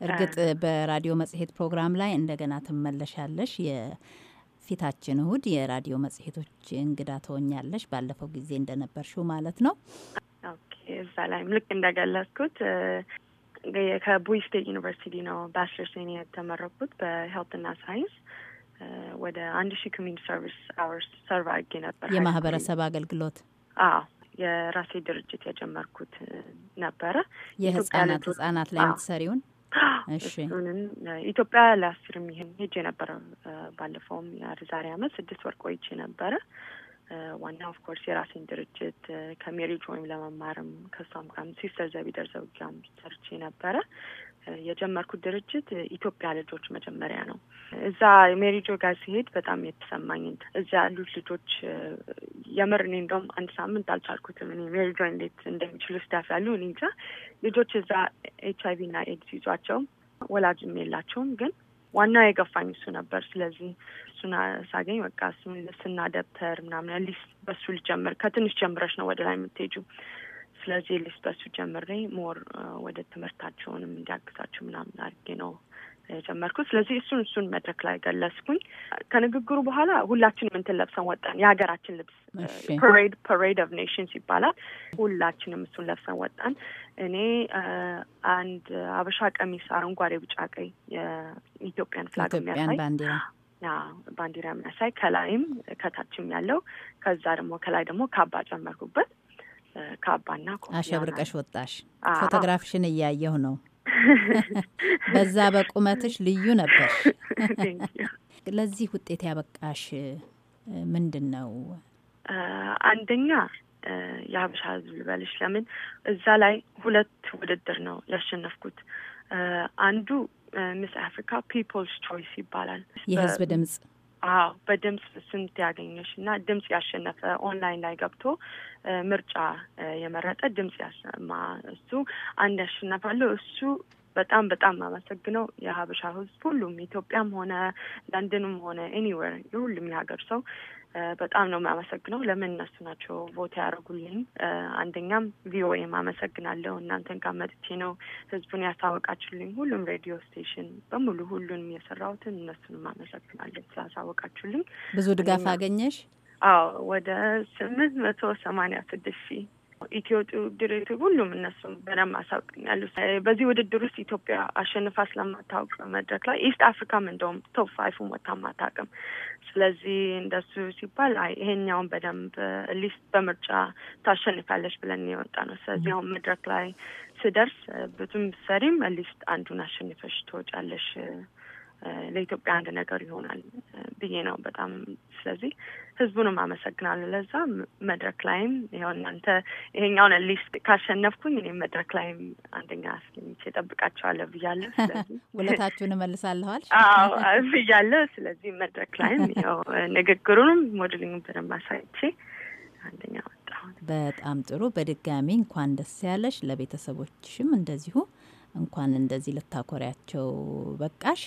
እርግጥ በራዲዮ መጽሔት ፕሮግራም ላይ እንደገና ትመለሻለሽ። የፊታችን እሁድ የራዲዮ መጽሔቶች እንግዳ ትሆኛለሽ፣ ባለፈው ጊዜ እንደነበርሽው ማለት ነው። እዛ ላይም ልክ እንደገለጽኩት ከቡይ ስቴት ዩኒቨርሲቲ ነው ባችለርስ የተመረኩት በሄልት በሄልትና ሳይንስ ወደ አንድ ሺህ ኮሚኒቲ ሰርቪስ አወርስ ሰርቭ አድርጌ ነበር። የማህበረሰብ አገልግሎት አዎ፣ የራሴ ድርጅት የጀመርኩት ነበረ የህጻናት ህጻናት ላይ የምትሰሪውን [GASPS] እሱንም ኢትዮጵያ ለአስርም ይሄን ሄጄ ነበረ። ባለፈውም የዛሬ አመት ስድስት ወር ቆይቼ ነበረ። ዋና ኦፍ ኮርስ የራሴን ድርጅት ከሜሪጅ ወይም ለመማርም ከሷም ጋርም ሲስተር ዘቢደር ዘውጊያም ሰርቼ ነበረ። የጀመርኩት ድርጅት ኢትዮጵያ ልጆች መጀመሪያ ነው። እዛ ሜሪጆ ጋር ሲሄድ በጣም የተሰማኝን እዚያ ያሉት ልጆች የምር እኔ እንደውም አንድ ሳምንት አልቻልኩትም። እኔ ሜሪጆ እንዴት እንደሚችሉ ስታፍ ያሉ እኔ እንጃ ልጆች እዛ ኤች አይቪ እና ኤድስ ይዟቸው ወላጅም የላቸውም ግን ዋና የገፋኝ እሱ ነበር። ስለዚህ እሱን ሳገኝ በቃ እሱን ልብስና ደብተር ምናምን ሊስ በሱ ልጀምር ከትንሽ ጀምረሽ ነው ወደ ላይ የምትሄጁ ስለዚህ ልስጠሱ ጀምሬ ሞር ወደ ትምህርታቸውንም እንዲያግዛቸው ምናምን አድርጌ ነው የጀመርኩት። ስለዚህ እሱን እሱን መድረክ ላይ ገለጽኩኝ። ከንግግሩ በኋላ ሁላችንም እንትን ለብሰን ወጣን። የሀገራችን ልብስ ፓሬድ ፓሬድ ኦፍ ኔሽንስ ይባላል። ሁላችንም እሱን ለብሰን ወጣን። እኔ አንድ አበሻ ቀሚስ አረንጓዴ፣ ቢጫ፣ ቀይ የኢትዮጵያን ፍላግ የሚያሳይ ያ ባንዲራ የሚያሳይ ከላይም ከታችም ያለው ከዛ ደግሞ ከላይ ደግሞ ካባ ጨመርኩበት ካባና አሸብርቀሽ ወጣሽ። ፎቶግራፍሽን እያየሁ ነው። [LAUGHS] በዛ በቁመትሽ ልዩ ነበር። [LAUGHS] ለዚህ ውጤት ያበቃሽ ምንድን ነው? አንደኛ የሀበሻ ህዝብ ልበልሽ። ለምን እዛ ላይ ሁለት ውድድር ነው ያሸነፍኩት። አንዱ ሚስ አፍሪካ ፒፕልስ ቾይስ ይባላል። የህዝብ ድምጽ አዎ በድምጽ ስንት ያገኘሽ እና ድምጽ ያሸነፈ ኦንላይን ላይ ገብቶ ምርጫ የመረጠ ድምጽ ያሰማ እሱ አንድ ያሸነፋለሁ። እሱ በጣም በጣም አመሰግነው የሀበሻ ህዝብ ሁሉም ኢትዮጵያም ሆነ ለንደንም ሆነ ኤኒዌር የሁሉም የሀገር ሰው በጣም ነው የማመሰግነው። ለምን እነሱ ናቸው ቦታ ያደረጉልኝ። አንደኛም ቪኦኤም አመሰግናለሁ። እናንተን ጋር መጥቼ ነው ህዝቡን ያሳወቃችሁልኝ። ሁሉም ሬዲዮ ስቴሽን በሙሉ ሁሉንም የሰራሁትን እነሱንም አመሰግናለን ስላሳወቃችሁልኝ። ብዙ ድጋፍ አገኘሽ? አዎ ወደ ስምንት መቶ ሰማንያ ስድስት ሺህ ኢትዮ ድሬቱ ሁሉም እነሱም በደንብ አሳውቅኛሉ። በዚህ ውድድር ውስጥ ኢትዮጵያ አሸንፋ ስለማታውቅ መድረክ ላይ ኢስት አፍሪካም እንደውም ቶፕ ፋይፉ ወታም አታውቅም። ስለዚህ እንደሱ ሲባል አይ ይሄኛውን በደንብ ሊስት በምርጫ ታሸንፋለች ብለን የወጣ ነው። ስለዚህ አሁን መድረክ ላይ ስደርስ ብዙም ሰሪም ሊስት አንዱን አሸንፈሽ ትወጫለሽ ለኢትዮጵያ አንድ ነገር ይሆናል ብዬ ነው በጣም ስለዚህ ህዝቡንም አመሰግናለሁ። ለዛ መድረክ ላይም ይኸው እናንተ ይሄኛውን ሊስት ካሸነፍኩኝ እኔም መድረክ ላይም አንደኛ አስገኝቼ እጠብቃቸዋለሁ ብያለሁ። ስለዚህ [LAUGHS] ውለታችሁን እመልሳለኋል አዎ ብያለሁ። ስለዚህ መድረክ ላይም ያው ንግግሩንም ሞድሊንግ በደንብ አሳይቼ አንደኛ ወጣሁን። በጣም ጥሩ። በድጋሚ እንኳን ደስ ያለሽ። ለቤተሰቦችሽም እንደዚሁ እንኳን እንደዚህ ልታኮሪያቸው በቃሽ።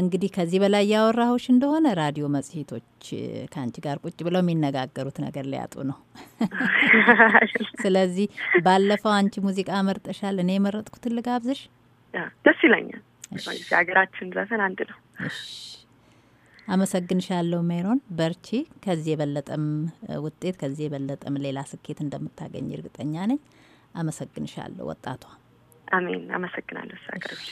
እንግዲህ ከዚህ በላይ ያወራሁሽ እንደሆነ ራዲዮ መጽሔቶች ከአንቺ ጋር ቁጭ ብለው የሚነጋገሩት ነገር ሊያጡ ነው። [LAUGHS] ስለዚህ ባለፈው አንቺ ሙዚቃ መርጠሻል፣ እኔ የመረጥኩትን ልጋብዝሽ። ደስ ይለኛል። ሀገራችን ዘፈን አንድ ነው። አመሰግንሻለሁ ሜሮን፣ በርቺ። ከዚህ የበለጠም ውጤት ከዚህ የበለጠም ሌላ ስኬት እንደምታገኝ እርግጠኛ ነኝ። አመሰግንሻለሁ ወጣቷ። አሜን። አመሰግናለሁ ሀገሮች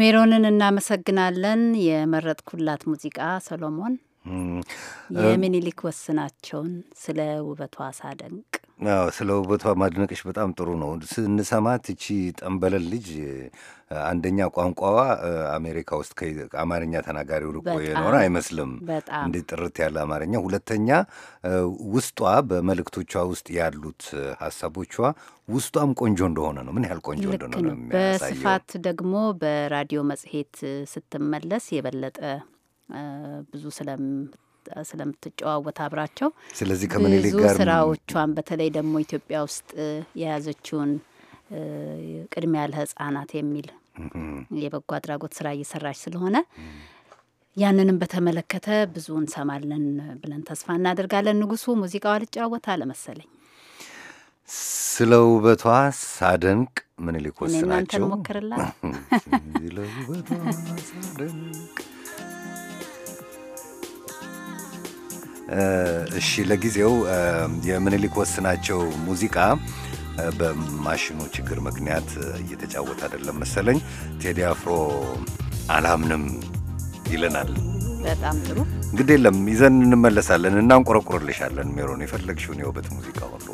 ሜሮንን እናመሰግናለን። የመረጥኩላት ሙዚቃ ሰሎሞን የሚኒሊክ ወስናቸውን ስለ ውበቷ ሳደንቅ ስለ ውበቷ ማድነቅሽ በጣም ጥሩ ነው። ስንሰማት እቺ ጠንበለል ልጅ አንደኛ ቋንቋዋ አሜሪካ ውስጥ አማርኛ ተናጋሪ ርቆ የኖረ አይመስልም። እንዴት ጥርት ያለ አማርኛ! ሁለተኛ ውስጧ በመልእክቶቿ ውስጥ ያሉት ሀሳቦቿ ውስጧም ቆንጆ እንደሆነ ነው። ምን ያህል ቆንጆ እንደሆነ ነው። በስፋት ደግሞ በራዲዮ መጽሔት ስትመለስ የበለጠ ብዙ ስለም ስለምትጨዋወት አብራቸው ስለዚህ ከምኒልክ ጋር ስራዎቿን በተለይ ደግሞ ኢትዮጵያ ውስጥ የያዘችውን ቅድሚያ ለህጻናት የሚል የበጎ አድራጎት ስራ እየሰራች ስለሆነ ያንንም በተመለከተ ብዙ እንሰማለን ብለን ተስፋ እናደርጋለን። ንጉሱ ሙዚቃዋ ልጫወት አለመሰለኝ። ስለ ውበቷ ሳደንቅ ምኒልክ ወስናቸው ሞክርላት [LAUGHS] ስለ ውበቷ ሳደንቅ እሺ ለጊዜው የምኒልክ ወስናቸው ሙዚቃ በማሽኑ ችግር ምክንያት እየተጫወተ አይደለም መሰለኝ። ቴዲ አፍሮ አላምንም ይለናል። በጣም ጥሩ እንግዲህ፣ የለም ይዘን እንመለሳለን፣ እናንቆረቁርልሻለን። ሜሮን የፈለግሽውን የውበት ሙዚቃ ሁሉ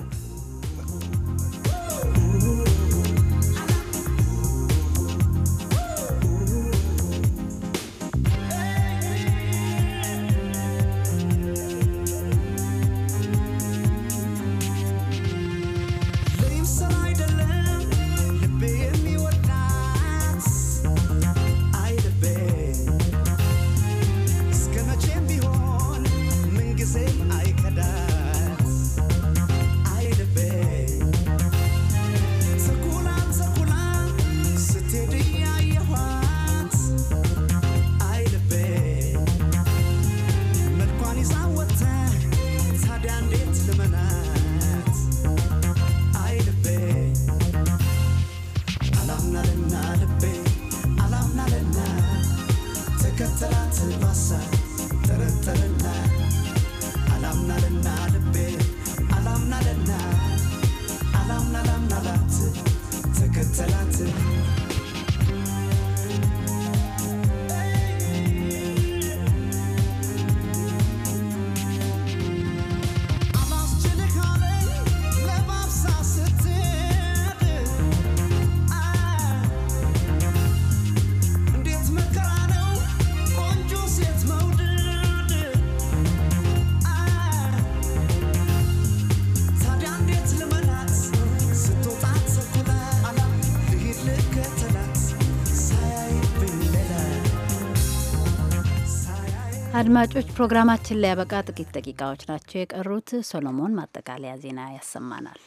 አድማጮች ፕሮግራማችን ሊያበቃ ጥቂት ደቂቃዎች ናቸው የቀሩት። ሶሎሞን ማጠቃለያ ዜና ያሰማናል።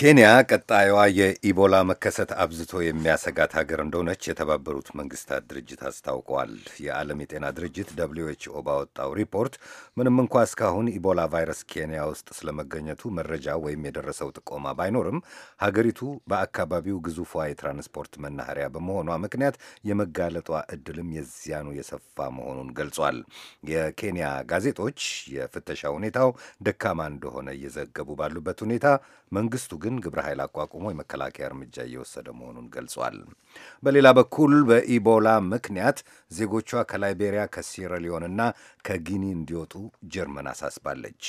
ኬንያ ቀጣዩዋ የኢቦላ መከሰት አብዝቶ የሚያሰጋት ሀገር እንደሆነች የተባበሩት መንግስታት ድርጅት አስታውቀዋል። የዓለም የጤና ድርጅት ደብሊው ኤች ኦ ባወጣው ሪፖርት ምንም እንኳ እስካሁን ኢቦላ ቫይረስ ኬንያ ውስጥ ስለመገኘቱ መረጃ ወይም የደረሰው ጥቆማ ባይኖርም ሀገሪቱ በአካባቢው ግዙፏ የትራንስፖርት መናኸሪያ በመሆኗ ምክንያት የመጋለጧ እድልም የዚያኑ የሰፋ መሆኑን ገልጿል። የኬንያ ጋዜጦች የፍተሻ ሁኔታው ደካማ እንደሆነ እየዘገቡ ባሉበት ሁኔታ መንግስቱ ግን ግብረ ኃይል አቋቁሞ የመከላከያ እርምጃ እየወሰደ መሆኑን ገልጿል። በሌላ በኩል በኢቦላ ምክንያት ዜጎቿ ከላይቤሪያ ከሲራሊዮንና ከጊኒ እንዲወጡ ጀርመን አሳስባለች።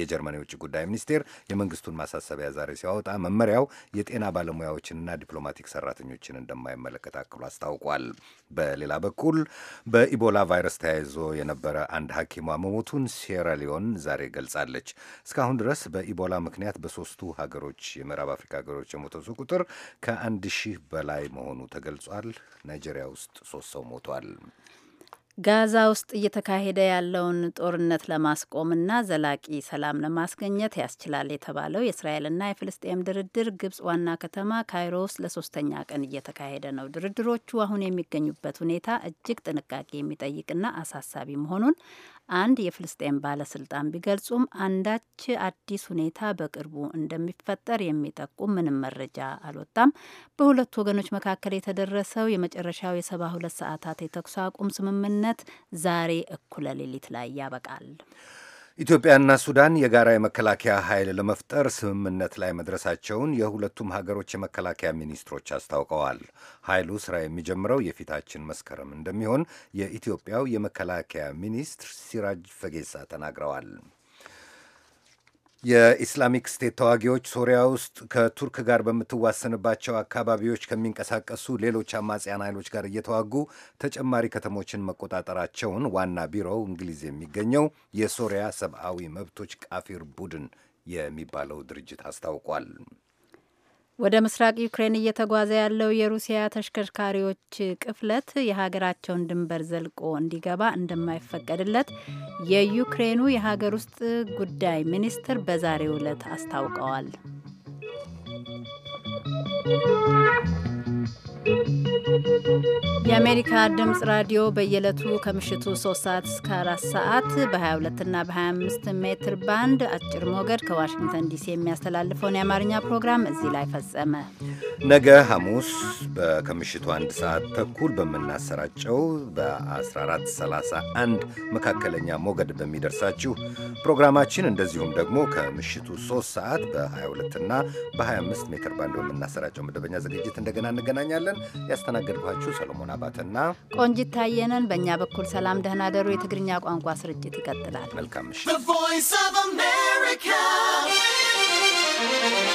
የጀርመን የውጭ ጉዳይ ሚኒስቴር የመንግስቱን ማሳሰቢያ ዛሬ ሲያወጣ መመሪያው የጤና ባለሙያዎችንና ዲፕሎማቲክ ሰራተኞችን እንደማይመለከት አክሎ አስታውቋል። በሌላ በኩል በኢቦላ ቫይረስ ተያይዞ የነበረ አንድ ሐኪሟ መሞቱን ሴራሊዮን ዛሬ ገልጻለች። እስካሁን ድረስ በኢቦላ ምክንያት በሶስቱ ሀገሮች የምዕራብ አፍሪካ ሀገሮች የሞተ ሰው ቁጥር ከአንድ ሺህ በላይ መሆኑ ተገልጿል። ናይጄሪያ ውስጥ ሶስት ሰው ሞቷል። ጋዛ ውስጥ እየተካሄደ ያለውን ጦርነት ለማስቆምና ዘላቂ ሰላም ለማስገኘት ያስችላል የተባለው የእስራኤልና የፍልስጤም ድርድር ግብጽ ዋና ከተማ ካይሮ ውስጥ ለሶስተኛ ቀን እየተካሄደ ነው። ድርድሮቹ አሁን የሚገኙበት ሁኔታ እጅግ ጥንቃቄ የሚጠይቅና አሳሳቢ መሆኑን አንድ የፍልስጤን ባለስልጣን ቢገልጹም አንዳች አዲስ ሁኔታ በቅርቡ እንደሚፈጠር የሚጠቁም ምንም መረጃ አልወጣም። በሁለቱ ወገኖች መካከል የተደረሰው የመጨረሻው የሰባ ሁለት ሰዓታት የተኩስ አቁም ስምምነት ዛሬ እኩለ ሌሊት ላይ ያበቃል። ኢትዮጵያና ሱዳን የጋራ የመከላከያ ኃይል ለመፍጠር ስምምነት ላይ መድረሳቸውን የሁለቱም ሀገሮች የመከላከያ ሚኒስትሮች አስታውቀዋል። ኃይሉ ስራ የሚጀምረው የፊታችን መስከረም እንደሚሆን የኢትዮጵያው የመከላከያ ሚኒስትር ሲራጅ ፈጌሳ ተናግረዋል። የኢስላሚክ ስቴት ተዋጊዎች ሶሪያ ውስጥ ከቱርክ ጋር በምትዋሰንባቸው አካባቢዎች ከሚንቀሳቀሱ ሌሎች አማጽያን ኃይሎች ጋር እየተዋጉ ተጨማሪ ከተሞችን መቆጣጠራቸውን ዋና ቢሮው እንግሊዝ የሚገኘው የሶሪያ ሰብአዊ መብቶች ቃፊር ቡድን የሚባለው ድርጅት አስታውቋል። ወደ ምስራቅ ዩክሬን እየተጓዘ ያለው የሩሲያ ተሽከርካሪዎች ቅፍለት የሀገራቸውን ድንበር ዘልቆ እንዲገባ እንደማይፈቀድለት የዩክሬኑ የሀገር ውስጥ ጉዳይ ሚኒስትር በዛሬው ዕለት አስታውቀዋል። Thank you. የአሜሪካ ድምፅ ራዲዮ በየዕለቱ ከምሽቱ 3 ሰዓት እስከ 4 ሰዓት በ22 እና በ25 ሜትር ባንድ አጭር ሞገድ ከዋሽንግተን ዲሲ የሚያስተላልፈውን የአማርኛ ፕሮግራም እዚህ ላይ ፈጸመ። ነገ ሐሙስ ከምሽቱ አንድ ሰዓት ተኩል በምናሰራጨው በ1431 መካከለኛ ሞገድ በሚደርሳችሁ ፕሮግራማችን እንደዚሁም ደግሞ ከምሽቱ 3 ሰዓት በ22 እና በ25 ሜትር ባንድ በምናሰራጨው መደበኛ ዝግጅት እንደገና እንገናኛለን። ያስተናገድኳችሁ ሰለሞን አባተና ቆንጂት ታየነን በእኛ በኩል ሰላም፣ ደህና ደሩ። የትግርኛ ቋንቋ ስርጭት ይቀጥላል። መልካም ምሽት።